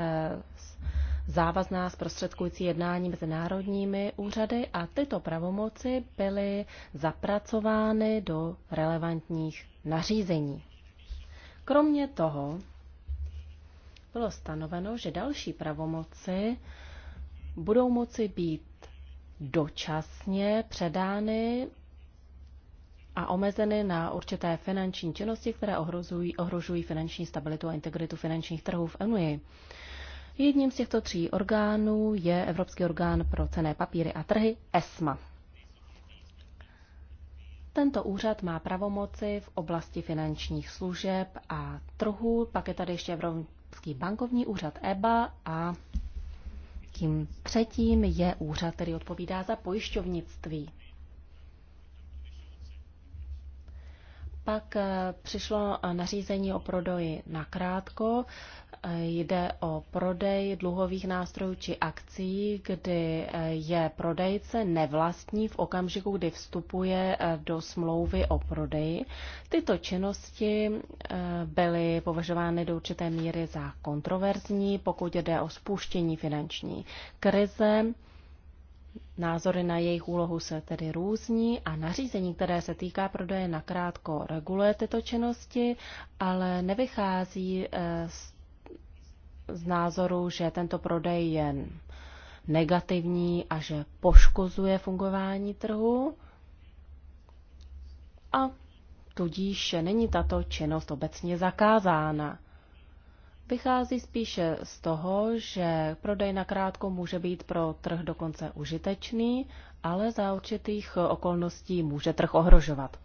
závazná zprostředkující jednání mezi národními úřady a tyto pravomoci byly zapracovány do relevantních nařízení. Kromě toho bylo stanoveno, že další pravomoci budou moci být dočasně předány a omezeny na určité finanční činnosti, které ohrožují finanční stabilitu a integritu finančních trhů v Unii. Jedním z těchto tří orgánů je Evropský orgán pro cené papíry a trhy ESMA. Tento úřad má pravomoci v oblasti finančních služeb a trhu, pak je tady ještě Evropský bankovní úřad EBA a tím třetím je úřad, který odpovídá za pojišťovnictví. Pak eh, přišlo eh, nařízení o prodoji na krátko. Eh, jde o prodej dluhových nástrojů či akcí, kdy je prodejce nevlastní v okamžiku, kdy vstupuje do smlouvy o prodeji. Tyto činnosti byly považovány do určité míry za kontroverzní, pokud jde o spuštění finanční krize. Názory na jejich úlohu se tedy různí a nařízení, které se týká prodeje nakrátko, reguluje tyto činnosti, ale nevychází eh, z, z názoru, že tento prodej je negativní a že poškozuje fungování trhu. A tudíž není tato činnost obecně zakázána vychází spíše z toho, že prodej na krátko může být pro trh dokonce užitečný, ale za určitých okolností může trh ohrožovat.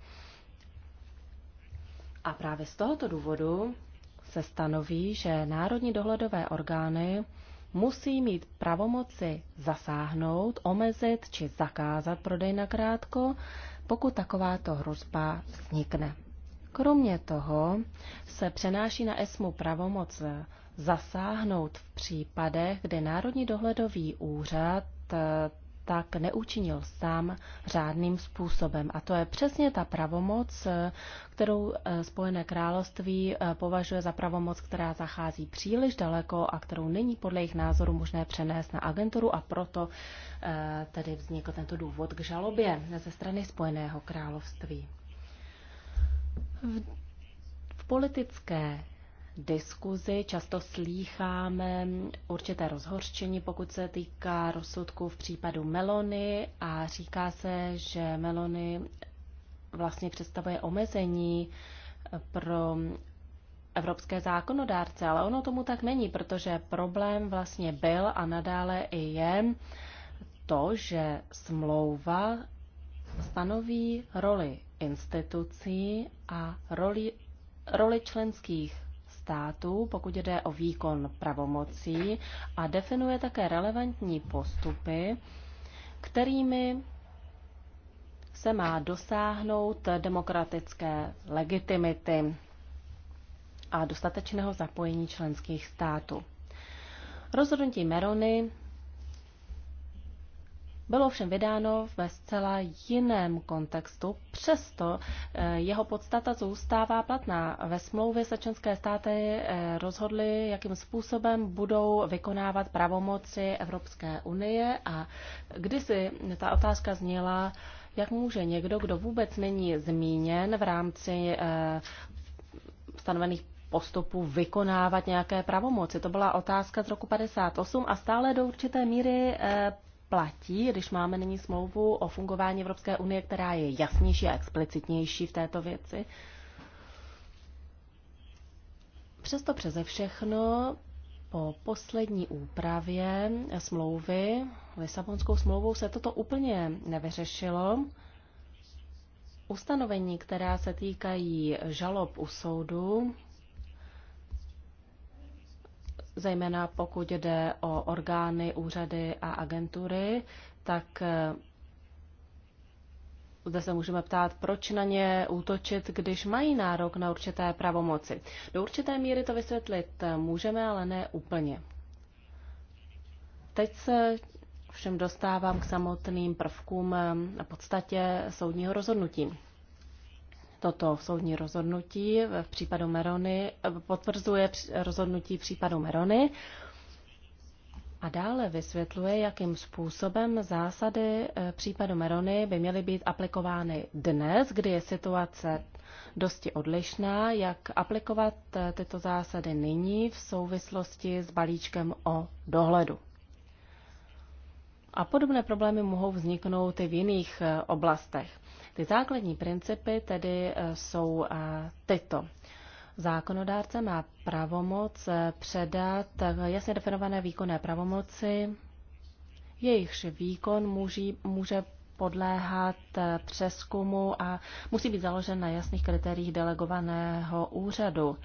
A právě z tohoto důvodu se stanoví, že národní dohledové orgány musí mít pravomoci zasáhnout, omezit či zakázat prodej na krátko, pokud takováto hrozba vznikne. Kromě toho se přenáší na ESMU pravomoc zasáhnout v případech, kde Národní dohledový úřad eh, tak neučinil sám řádným způsobem. A to je přesně ta pravomoc, eh, kterou eh, Spojené království považuje za pravomoc, která zachází příliš daleko a kterou není podle jejich názoru možné přenést na agenturu a proto tedy vznikl tento důvod k žalobě ze strany Spojeného království. V, v politické diskuzi často slýcháme určité rozhorčení, pokud se týká rozsudku v případu Melony a říká se, že Melony vlastně představuje omezení pro evropské zákonodárce, ale ono tomu tak není, protože problém vlastně byl a nadále i je to, že smlouva stanoví roli institucí a roli, roli členských států, pokud jde o výkon pravomocí a definuje také relevantní postupy, kterými se má dosáhnout demokratické legitimity a dostatečného zapojení členských států. Rozhodnutí Merony bylo všem vydáno ve zcela jiném kontextu, přesto eh, jeho podstata zůstává platná. Ve smlouvě se členské státy eh, rozhodly, jakým způsobem budou vykonávat pravomoci Evropské unie a kdysi ta otázka zněla, jak může někdo, kdo vůbec není zmíněn v rámci eh, stanovených postupu vykonávat nějaké pravomoci. To byla otázka z roku 58 a stále do určité míry platí, když máme nyní smlouvu o fungování Evropské unie, která je jasnější a explicitnější v této věci. Přesto přeze všechno po poslední úpravě smlouvy, Lisabonskou smlouvou, se toto úplně nevyřešilo. Ustanovení, která se týkají žalob u soudu, zejména pokud jde o orgány, úřady a agentury, tak eh, zde se můžeme ptát, proč na ně útočit, když mají nárok na určité pravomoci. Do určité míry to vysvětlit můžeme, ale ne úplně. Teď se všem dostávám k samotným prvkům na eh, podstatě soudního rozhodnutí. Toto soudní rozhodnutí v případu Merony potvrzuje rozhodnutí případu Merony a dále vysvětluje, jakým způsobem zásady e, případu Merony by měly být aplikovány dnes, kdy je situace dosti odlišná, jak aplikovat e, tyto zásady nyní v souvislosti s balíčkem o dohledu. A podobné problémy mohou vzniknout i v jiných eh, oblastech. Ty základní principy tedy eh, jsou eh, tyto. Zákonodárce má pravomoc předat jasně definované výkonné pravomoci, jejichž výkon může, může podléhat přeskumu a musí být založen na jasných kritériích delegovaného úřadu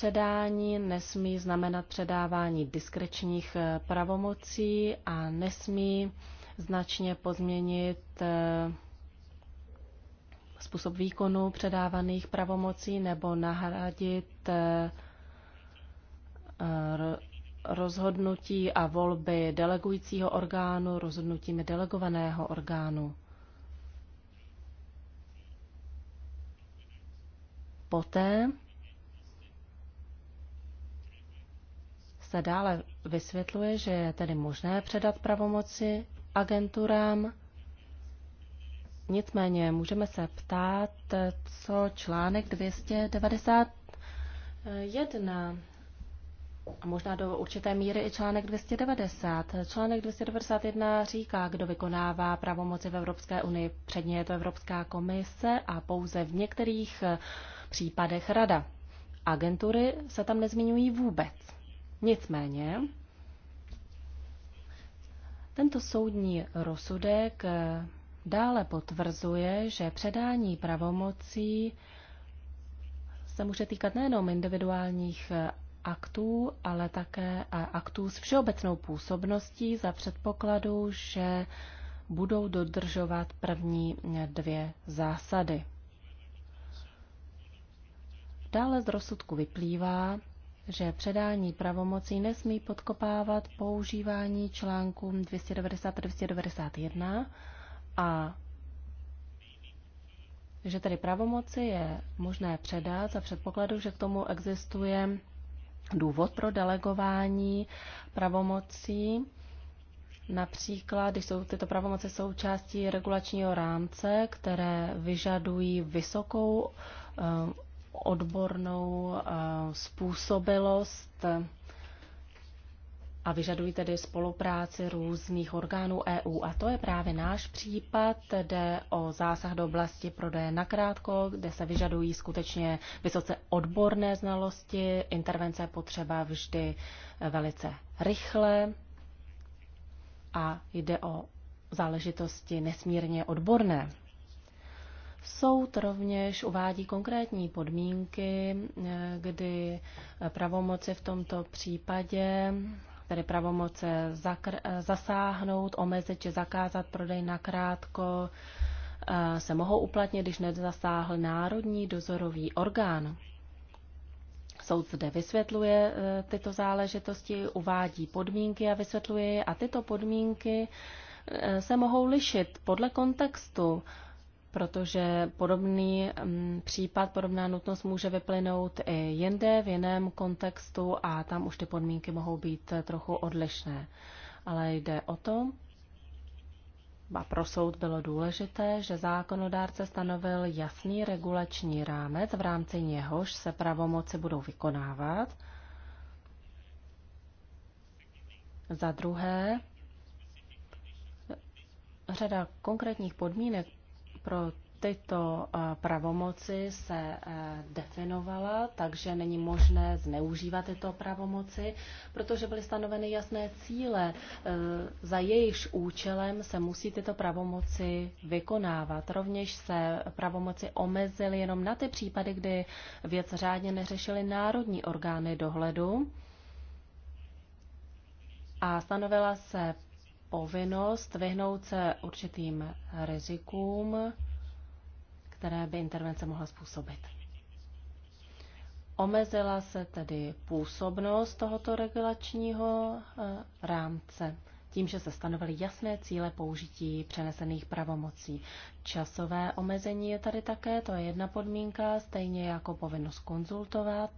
předání nesmí znamenat předávání diskrečních eh, pravomocí a nesmí značně pozměnit eh, způsob výkonu předávaných pravomocí nebo nahradit eh, rozhodnutí a volby delegujícího orgánu rozhodnutími delegovaného orgánu. Poté se dále vysvětluje, že je tedy možné předat pravomoci agenturám. Nicméně můžeme se ptát, co článek 291 a možná do určité míry i článek 290. Článek 291 říká, kdo vykonává pravomoci v Evropské unii. Předně je to Evropská komise a pouze v některých případech rada. Agentury se tam nezmiňují vůbec. Nicméně tento soudní rozsudek dále potvrzuje, že předání pravomocí se může týkat nejenom individuálních aktů, ale také aktů s všeobecnou působností za předpokladu, že budou dodržovat první dvě zásady. Dále z rozsudku vyplývá, že předání pravomocí nesmí podkopávat používání článků 290 291 a že tedy pravomoci je možné předat za předpokladu, že k tomu existuje důvod pro delegování pravomocí. Například, když jsou tyto pravomoce součástí regulačního rámce, které vyžadují vysokou eh, odbornou eh, způsobilost a vyžadují tedy spolupráci různých orgánů EU. A to je právě náš případ, jde o zásah do oblasti prodeje nakrátko, kde se vyžadují skutečně vysoce odborné znalosti, intervence potřeba vždy eh, velice rychle a jde o záležitosti nesmírně odborné. Soud rovněž uvádí konkrétní podmínky, eh, kdy pravomoci v tomto případě tedy pravomoce eh, zasáhnout, omezit či zakázat prodej nakrátko, eh, se mohou uplatnit, když nezasáhl národní dozorový orgán. Soud zde vysvětluje tyto záležitosti, uvádí podmínky a vysvětluje je a tyto podmínky se mohou lišit podle kontextu protože podobný mm, případ, podobná nutnost může vyplynout i jinde, v jiném kontextu a tam už ty podmínky mohou být trochu odlišné. Ale jde o to, a pro soud bylo důležité, že zákonodárce stanovil jasný regulační rámec, v rámci něhož se pravomoci budou vykonávat. Za druhé, řada konkrétních podmínek pro tyto eh, pravomoci se eh, definovala, takže není možné zneužívat tyto pravomoci, protože byly stanoveny jasné cíle, eh, za jejichž účelem se musí tyto pravomoci vykonávat. Rovněž se pravomoci omezily jenom na ty případy, kdy věc řádně neřešily národní orgány dohledu a stanovila se povinnost vyhnout se určitým rizikům, které by intervence mohla způsobit. Omezila se tedy působnost tohoto regulačního eh, rámce tím, že se stanovily jasné cíle použití přenesených pravomocí. Časové omezení je tady také, to je jedna podmínka, stejně jako povinnost konzultovat,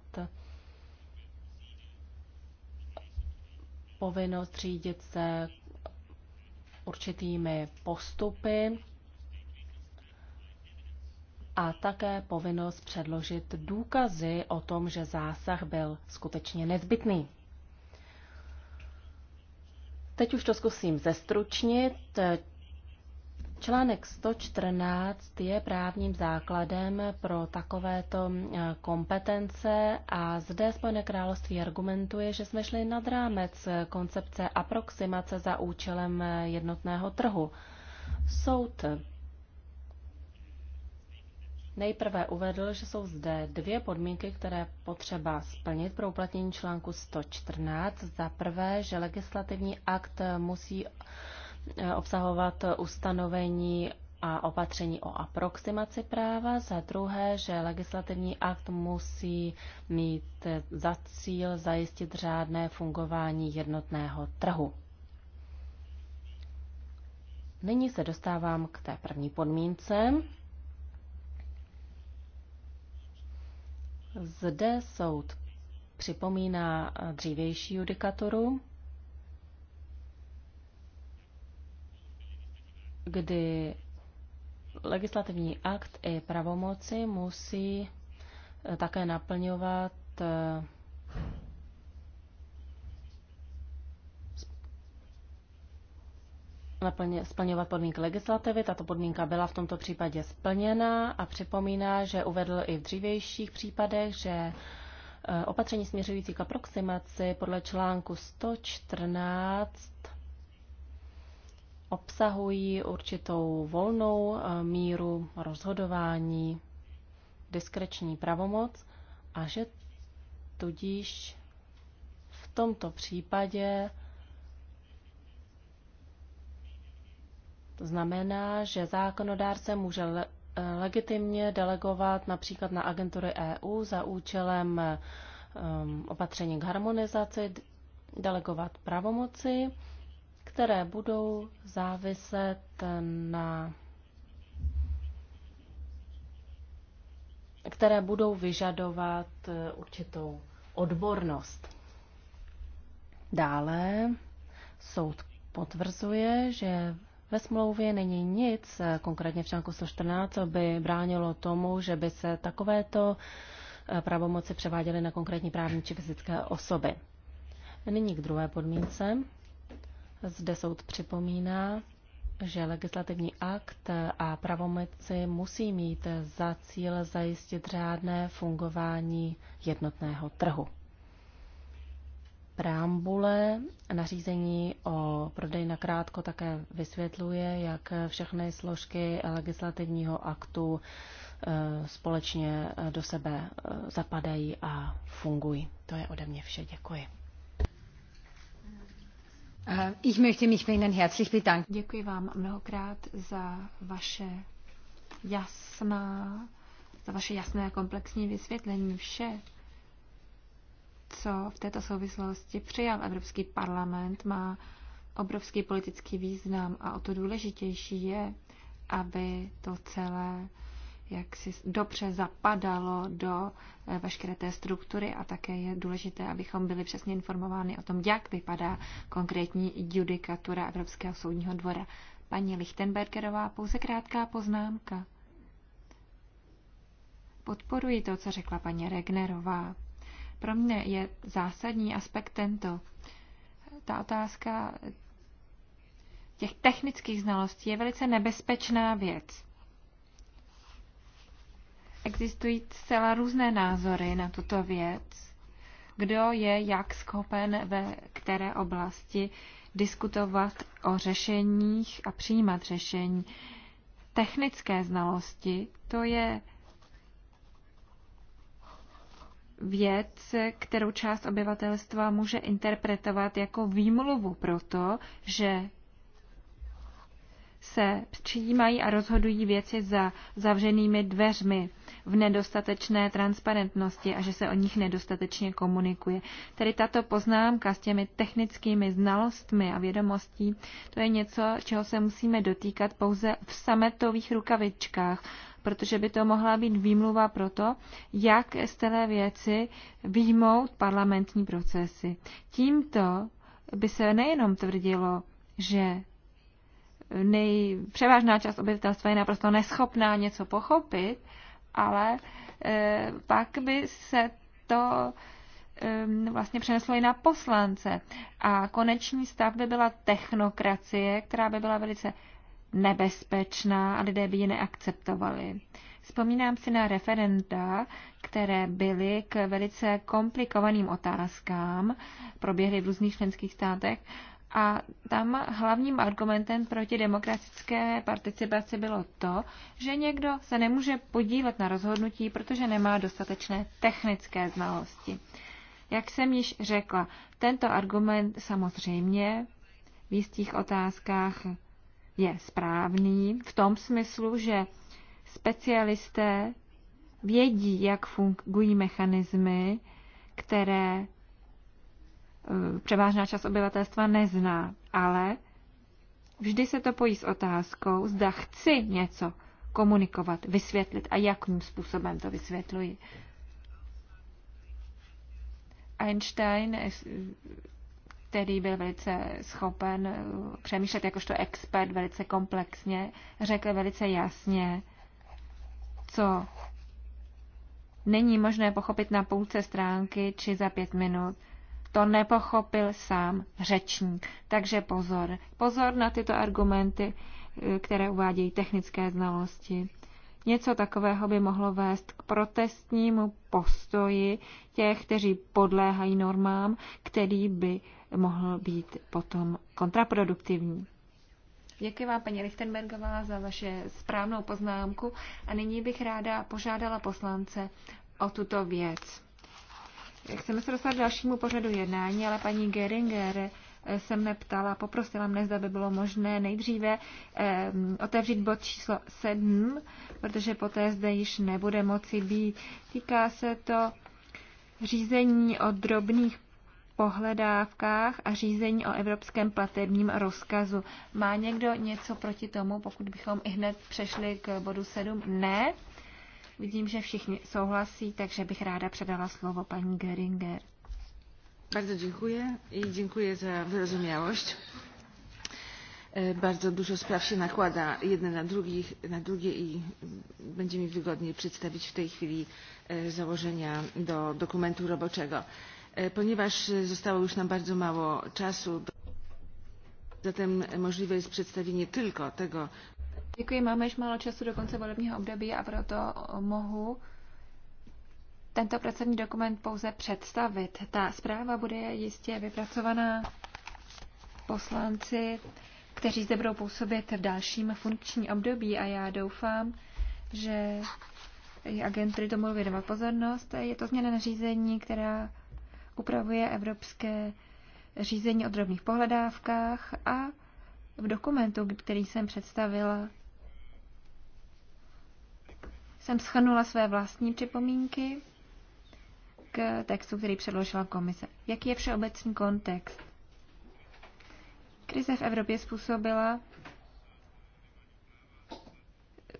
povinnost řídit se určitými postupy a také povinnost předložit důkazy o tom, že zásah byl skutečně nezbytný. Teď už to zkusím zestručnit. Článek 114 je právním základem pro takovéto eh, kompetence a zde Spojené království argumentuje, že jsme šli nad rámec koncepce aproximace za účelem eh, jednotného trhu. Soud nejprve uvedl, že jsou zde dvě podmínky, které potřeba splnit pro uplatnění článku 114. Za prvé, že legislativní akt musí Eh, obsahovat ustanovení a opatření o aproximaci práva, za druhé, že legislativní akt musí mít za cíl zajistit řádné fungování jednotného trhu. Nyní se dostávám k té první podmínce. Zde soud připomíná dřívější judikaturu, kdy legislativní akt i pravomoci musí eh, také naplňovat eh, splňovat podmínky legislativy. Tato podmínka byla v tomto případě splněna a připomíná, že uvedl i v dřívějších případech, že eh, opatření směřující k aproximaci podle článku 114 obsahují určitou volnou eh, míru rozhodování, diskreční pravomoc a že tudíž v tomto případě to znamená, že zákonodárce může eh, legitimně delegovat například na agentury EU za účelem eh, opatření k harmonizaci, delegovat pravomoci které budou záviset na které budou vyžadovat eh, určitou odbornost. Dále soud potvrzuje, že ve smlouvě není nic, eh, konkrétně v článku 114, co by bránilo tomu, že by se takovéto eh, pravomoci převáděly na konkrétní právní či fyzické osoby. Nyní k druhé podmínce. Zde soud připomíná, že legislativní akt a pravomoci musí mít za cíl zajistit řádné fungování jednotného trhu. Preambule nařízení o prodej na krátko také vysvětluje, jak všechny složky legislativního aktu eh, společně do sebe eh, zapadají a fungují. To je ode mě vše. Děkuji. Eh, ich möchte mich bei Ihnen herzlich bedanken. Děkuji vám mnohokrát za vaše jasná, za vaše jasné a komplexní vysvětlení vše, co v této souvislosti přijal Evropský parlament, má obrovský politický význam a o to důležitější je, aby to celé jak si dobře zapadalo do eh, veškeré té struktury a také je důležité, abychom byli přesně informováni o tom, jak vypadá konkrétní judikatura Evropského soudního dvora. Paní Lichtenbergerová, pouze krátká poznámka. Podporuji to, co řekla paní Regnerová. Pro mě je zásadní aspekt tento. Ta otázka těch technických znalostí je velice nebezpečná věc existují celá různé názory na tuto věc, kdo je jak schopen ve které oblasti diskutovat o řešeních a přijímat řešení. Technické znalosti, to je věc, kterou část obyvatelstva může interpretovat jako výmluvu proto, že se přijímají a rozhodují věci za zavřenými dveřmi v nedostatečné transparentnosti a že se o nich nedostatečně komunikuje. Tedy tato poznámka s těmi technickými znalostmi a vědomostí, to je něco, čeho se musíme dotýkat pouze v sametových rukavičkách, protože by to mohla být výmluva pro to, jak z té věci výjmout parlamentní procesy. Tímto by se nejenom tvrdilo, že nej, převážná část obyvatelstva je naprosto neschopná něco pochopit, ale eh, pak by se to eh, vlastně přeneslo i na poslance. A koneční stav by byla technokracie, která by byla velice nebezpečná a lidé by ji neakceptovali. Vzpomínám si na referenda, které byly k velice komplikovaným otázkám, proběhly v různých členských státech a tam hlavním argumentem proti demokratické participaci bylo to, že někdo se nemůže podílet na rozhodnutí, protože nemá dostatečné technické znalosti. Jak jsem již řekla, tento argument samozřejmě v jistých otázkách je správný v tom smyslu, že specialisté vědí, jak fungují mechanismy, které Eh, převážná část obyvatelstva nezná, ale vždy se to pojí s otázkou, zda chci něco komunikovat, vysvětlit a jakým způsobem to vysvětluji. Einstein, eh, který byl velice schopen eh, přemýšlet jakožto expert velice komplexně, řekl velice jasně, co není možné pochopit na půlce stránky či za pět minut – to nepochopil sám řečník. Takže pozor. Pozor na tyto argumenty, eh, které uvádějí technické znalosti. Něco takového by mohlo vést k protestnímu postoji těch, kteří podléhají normám, který by mohl být potom kontraproduktivní. Děkuji vám, paní Lichtenbergová, za vaše správnou poznámku a nyní bych ráda požádala poslance o tuto věc. Chceme se dostat k dalšímu pořadu jednání, ale paní Geringer se mne ptala, poprosila mne, zda by bylo možné nejdříve eh, otevřít bod číslo 7, protože poté zde již nebude moci být. Týká se to řízení o drobných pohledávkách a řízení o evropském platebním rozkazu. Má někdo něco proti tomu, pokud bychom i hned přešli k bodu 7? Ne. Vidím, že všichni souhlasí, takže bych ráda předala slovo paní Geringer. Bardzo dziękuję i dziękuję za wyrozumiałość. E, bardzo dużo spraw się nakłada jedne na, drugich, na drugie i będzie mi wygodniej przedstawić w tej chwili e, założenia do dokumentu roboczego. E, ponieważ zostało już nam bardzo mało czasu, zatem możliwe jest przedstawienie tylko tego Děkuji, máme již málo času do konce volebního období a proto mohu tento pracovní dokument pouze představit. Ta zpráva bude jistě vypracovaná poslanci, kteří zde budou působit v dalším funkčním období a já doufám, že agentury tomu budou věnovat pozornost. Je to změna nařízení, která upravuje evropské řízení o drobných pohledávkách a v dokumentu, který jsem představila, jsem schrnula své vlastní připomínky k textu, který předložila komise. Jaký je všeobecný kontext? Krize v Evropě způsobila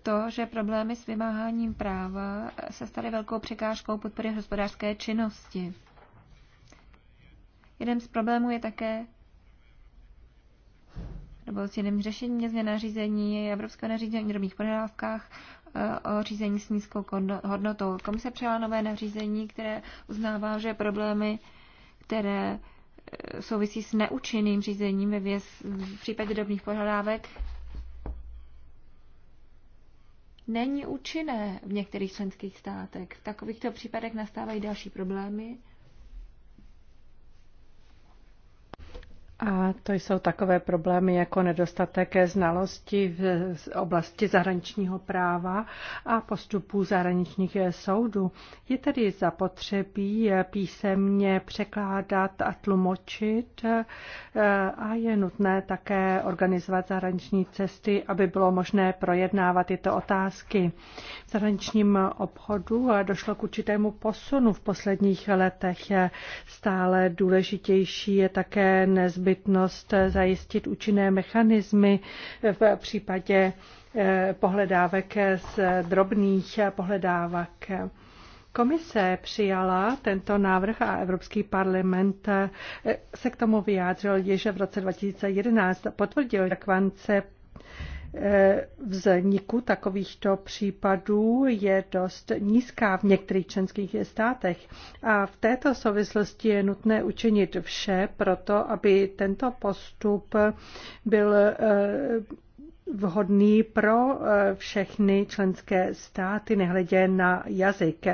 to, že problémy s vymáháním práva se staly velkou překážkou podpory hospodářské činnosti. Jeden z problémů je také, nebo s jedním řešením je změna nařízení evropské nařízení o nerovných podávkách Eh, o řízení s nízkou hodnotou. Komise přijala nové nařízení, které uznává, že problémy, které eh, souvisí s neúčinným řízením ve věc, v případě drobných pohledávek, není účinné v některých členských státech. V takovýchto případech nastávají další problémy, A to jsou takové problémy jako nedostatek znalosti v oblasti zahraničního práva a postupů zahraničních soudů. Je tedy zapotřebí písemně překládat a tlumočit eh, a je nutné také organizovat zahraniční cesty, aby bylo možné projednávat tyto otázky. V zahraničním obchodu došlo k určitému posunu v posledních letech. Stále důležitější je také nezbytné nezbytnost zajistit účinné mechanismy v případě eh, pohledávek z drobných pohledávek. Komise přijala tento návrh a Evropský parlament eh, se k tomu vyjádřil již v roce 2011. Potvrdil, jak kvance vzniku takovýchto případů je dost nízká v některých členských státech. A v této souvislosti je nutné učinit vše proto, aby tento postup byl eh, vhodný pro eh, všechny členské státy, nehledě na jazyk.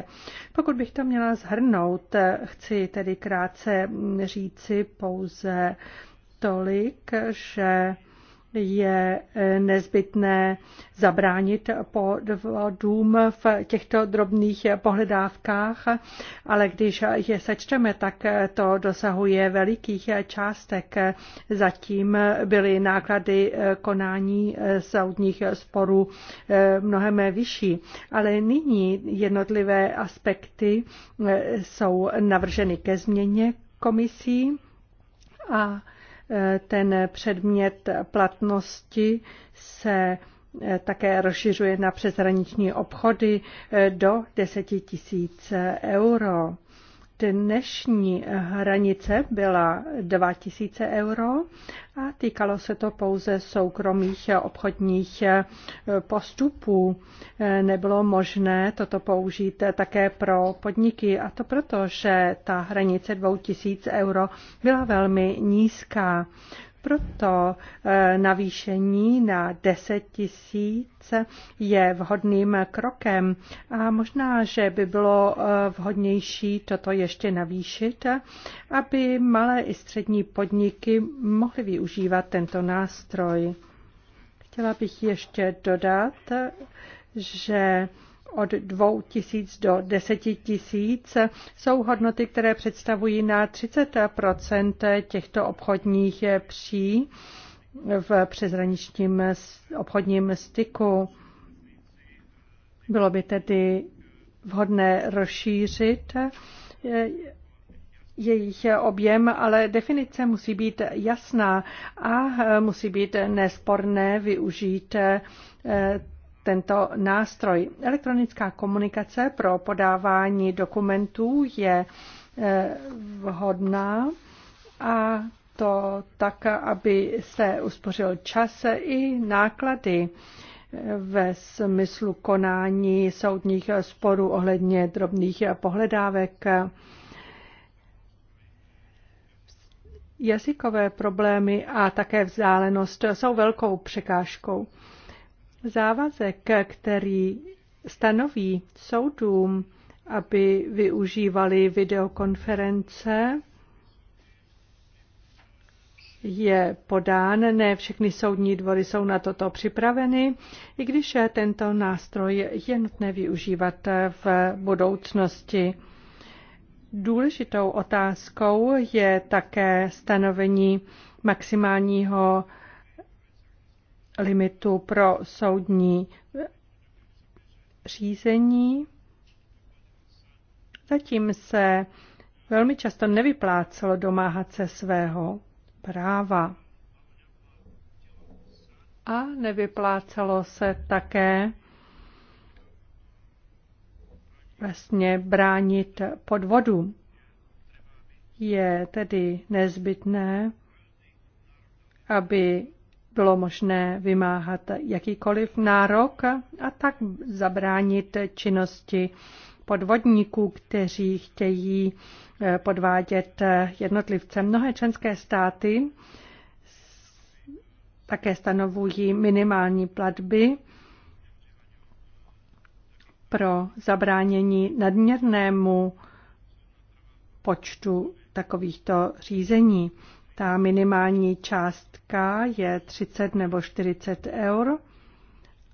Pokud bych to měla zhrnout, chci tedy krátce říci pouze tolik, že je eh, nezbytné zabránit podvodům v těchto drobných pohledávkách, ale když je sečteme, tak eh, to dosahuje velikých částek. Zatím byly náklady eh, konání soudních sporů mnohem vyšší, ale nyní jednotlivé aspekty jsou navrženy ke změně komisí a ten předmět platnosti se eh, také rozšiřuje na přeshraniční obchody eh, do 10 tisíc euro. Dnešní hranice byla 2000 euro a týkalo se to pouze soukromých obchodních postupů. Nebylo možné toto použít také pro podniky a to proto, že ta hranice 2000 euro byla velmi nízká. Proto eh, navýšení na 10 tisíc je vhodným krokem a možná, že by bylo eh, vhodnější toto ještě navýšit, aby malé i střední podniky mohly využívat tento nástroj. Chtěla bych ještě dodat, že od 2 tisíc do 10 tisíc jsou hodnoty, které představují na 30 těchto obchodních pří v přezraničním obchodním styku. Bylo by tedy vhodné rozšířit eh, jejich objem, ale definice musí být jasná a eh, musí být nesporné využít eh, tento nástroj. Elektronická komunikace pro podávání dokumentů je eh, vhodná a to tak, aby se uspořil čas i náklady eh, ve smyslu konání soudních sporů ohledně drobných pohledávek. Jazykové problémy a také vzdálenost jsou velkou překážkou. Závazek, který stanoví soudům, aby využívali videokonference, je podán. Ne všechny soudní dvory jsou na toto připraveny, i když tento nástroj je nutné využívat v budoucnosti. Důležitou otázkou je také stanovení maximálního limitu pro soudní řízení. Zatím se velmi často nevyplácelo domáhat se svého práva. A nevyplácelo se také vlastně bránit podvodu. Je tedy nezbytné, aby bylo možné vymáhat jakýkoliv nárok a tak zabránit činnosti podvodníků, kteří chtějí eh, podvádět eh, jednotlivce. Mnohé členské státy také stanovují minimální platby pro zabránění nadměrnému počtu takovýchto řízení. Ta minimální částka je 30 nebo 40 eur.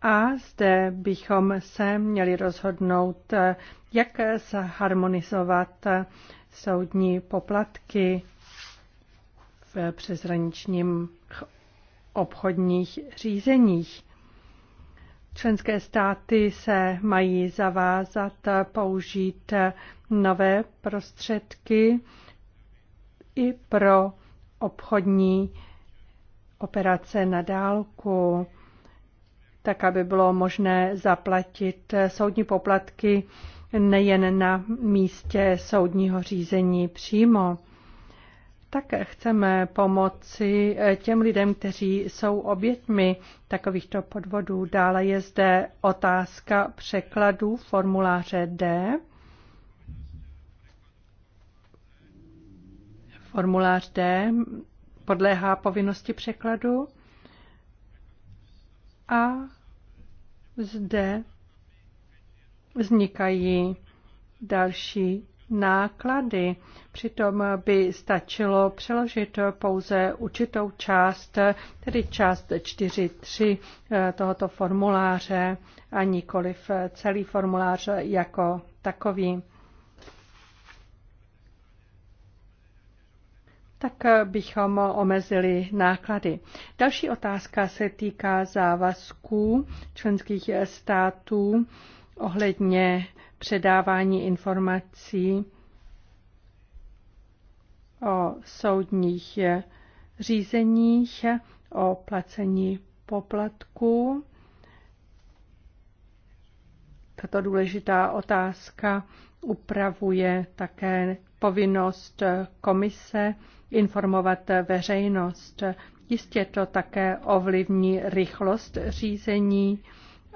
A zde bychom se měli rozhodnout, jak zharmonizovat soudní poplatky v přeshraničním obchodních řízeních. Členské státy se mají zavázat použít nové prostředky i pro obchodní operace na dálku, tak aby bylo možné zaplatit soudní poplatky nejen na místě soudního řízení přímo. Tak chceme pomoci těm lidem, kteří jsou obětmi takovýchto podvodů. Dále je zde otázka překladů formuláře D Formulář D podléhá povinnosti překladu a zde vznikají další náklady. Přitom by stačilo přeložit pouze určitou část, tedy část 4.3 eh, tohoto formuláře a nikoliv celý formulář jako takový. tak bychom omezili náklady. Další otázka se týká závazků členských států ohledně předávání informací o soudních řízeních, o placení poplatků. Tato důležitá otázka upravuje také povinnost komise informovat veřejnost. Jistě to také ovlivní rychlost řízení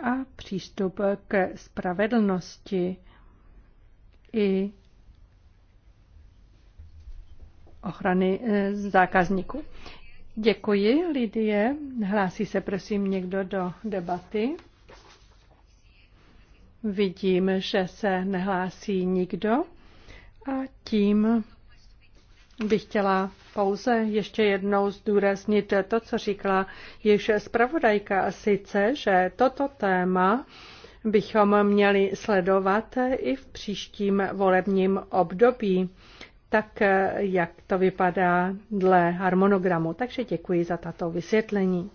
a přístup k spravedlnosti i ochrany eh, zákazníků. Děkuji, Lidie. Hlásí se prosím někdo do debaty? Vidím, že se nehlásí nikdo a tím bych chtěla pouze ještě jednou zdůraznit to, co říkala již zpravodajka, a sice, že toto téma bychom měli sledovat i v příštím volebním období, tak jak to vypadá dle harmonogramu. Takže děkuji za tato vysvětlení.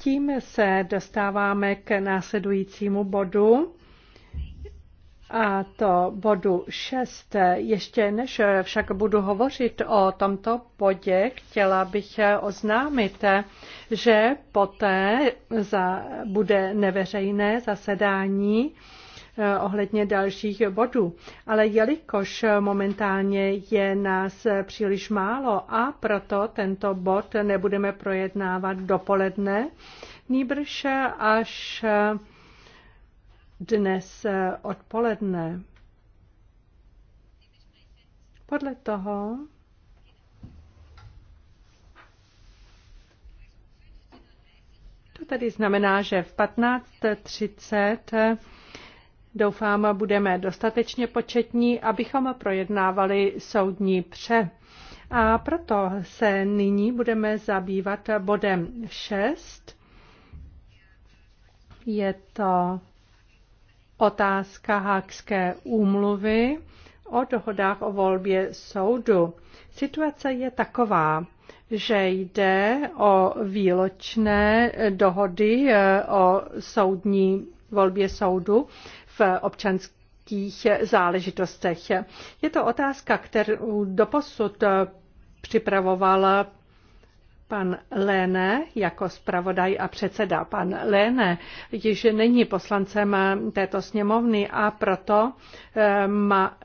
Tím se dostáváme k následujícímu bodu. A to bodu 6. Ještě než však budu hovořit o tomto bodě, chtěla bych oznámit, že poté za, bude neveřejné zasedání Eh, ohledně dalších bodů. Ale jelikož momentálně je nás příliš málo a proto tento bod nebudeme projednávat dopoledne, nýbrž až dnes odpoledne. Podle toho, to tedy znamená, že v 15.30 Doufám, budeme dostatečně početní, abychom projednávali soudní pře. A proto se nyní budeme zabývat bodem 6. Je to otázka Hákské úmluvy o dohodách o volbě soudu. Situace je taková, že jde o výločné dohody eh, o soudní volbě soudu v občanských záležitostech. Je to otázka, kterou doposud připravoval Pan Léne jako zpravodaj a předseda. Pan Léne již není poslancem této sněmovny a proto eh, má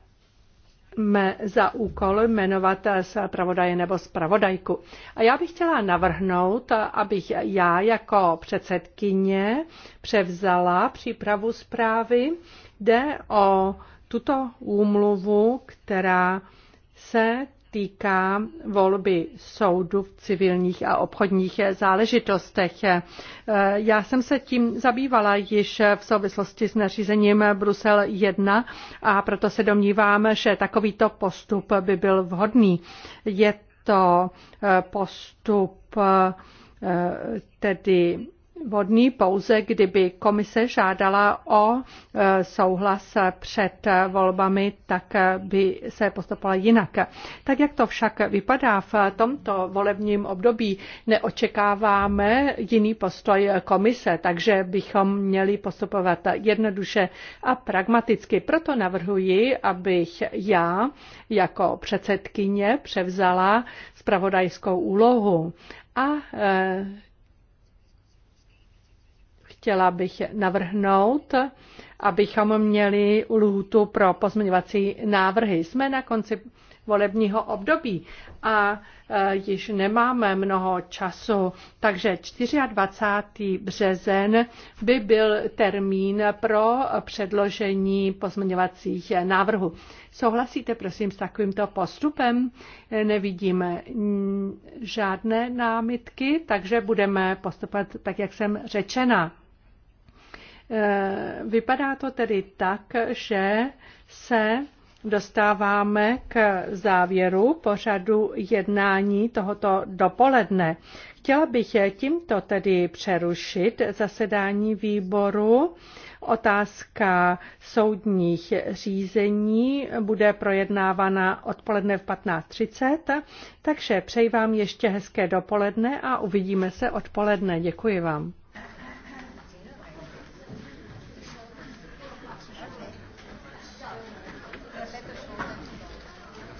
mé za úkol jmenovat zpravodaje nebo zpravodajku. A já bych chtěla navrhnout, abych já jako předsedkyně převzala přípravu zprávy. Jde o tuto úmluvu, která se týká volby soudu v civilních a obchodních záležitostech. Já jsem se tím zabývala již v souvislosti s nařízením Brusel 1 a proto se domnívám, že takovýto postup by byl vhodný. Je to postup tedy vodní pouze, kdyby komise žádala o e, souhlas před volbami, tak by se postupovala jinak. Tak jak to však vypadá v tomto volebním období, neočekáváme jiný postoj komise, takže bychom měli postupovat jednoduše a pragmaticky. Proto navrhuji, abych já jako předsedkyně převzala spravodajskou úlohu a e, Chtěla bych navrhnout, abychom měli lhůtu pro pozměňovací návrhy. Jsme na konci volebního období a e, již nemáme mnoho času, takže 24. březen by byl termín pro předložení pozměňovacích návrhů. Souhlasíte prosím s takovýmto postupem? Nevidím žádné námitky, takže budeme postupovat tak, jak jsem řečena. Eh, vypadá to tedy tak, že se dostáváme k závěru pořadu jednání tohoto dopoledne. Chtěla bych tímto tedy přerušit zasedání výboru. Otázka soudních řízení bude projednávána odpoledne v 15.30, takže přeji vám ještě hezké dopoledne a uvidíme se odpoledne. Děkuji vám.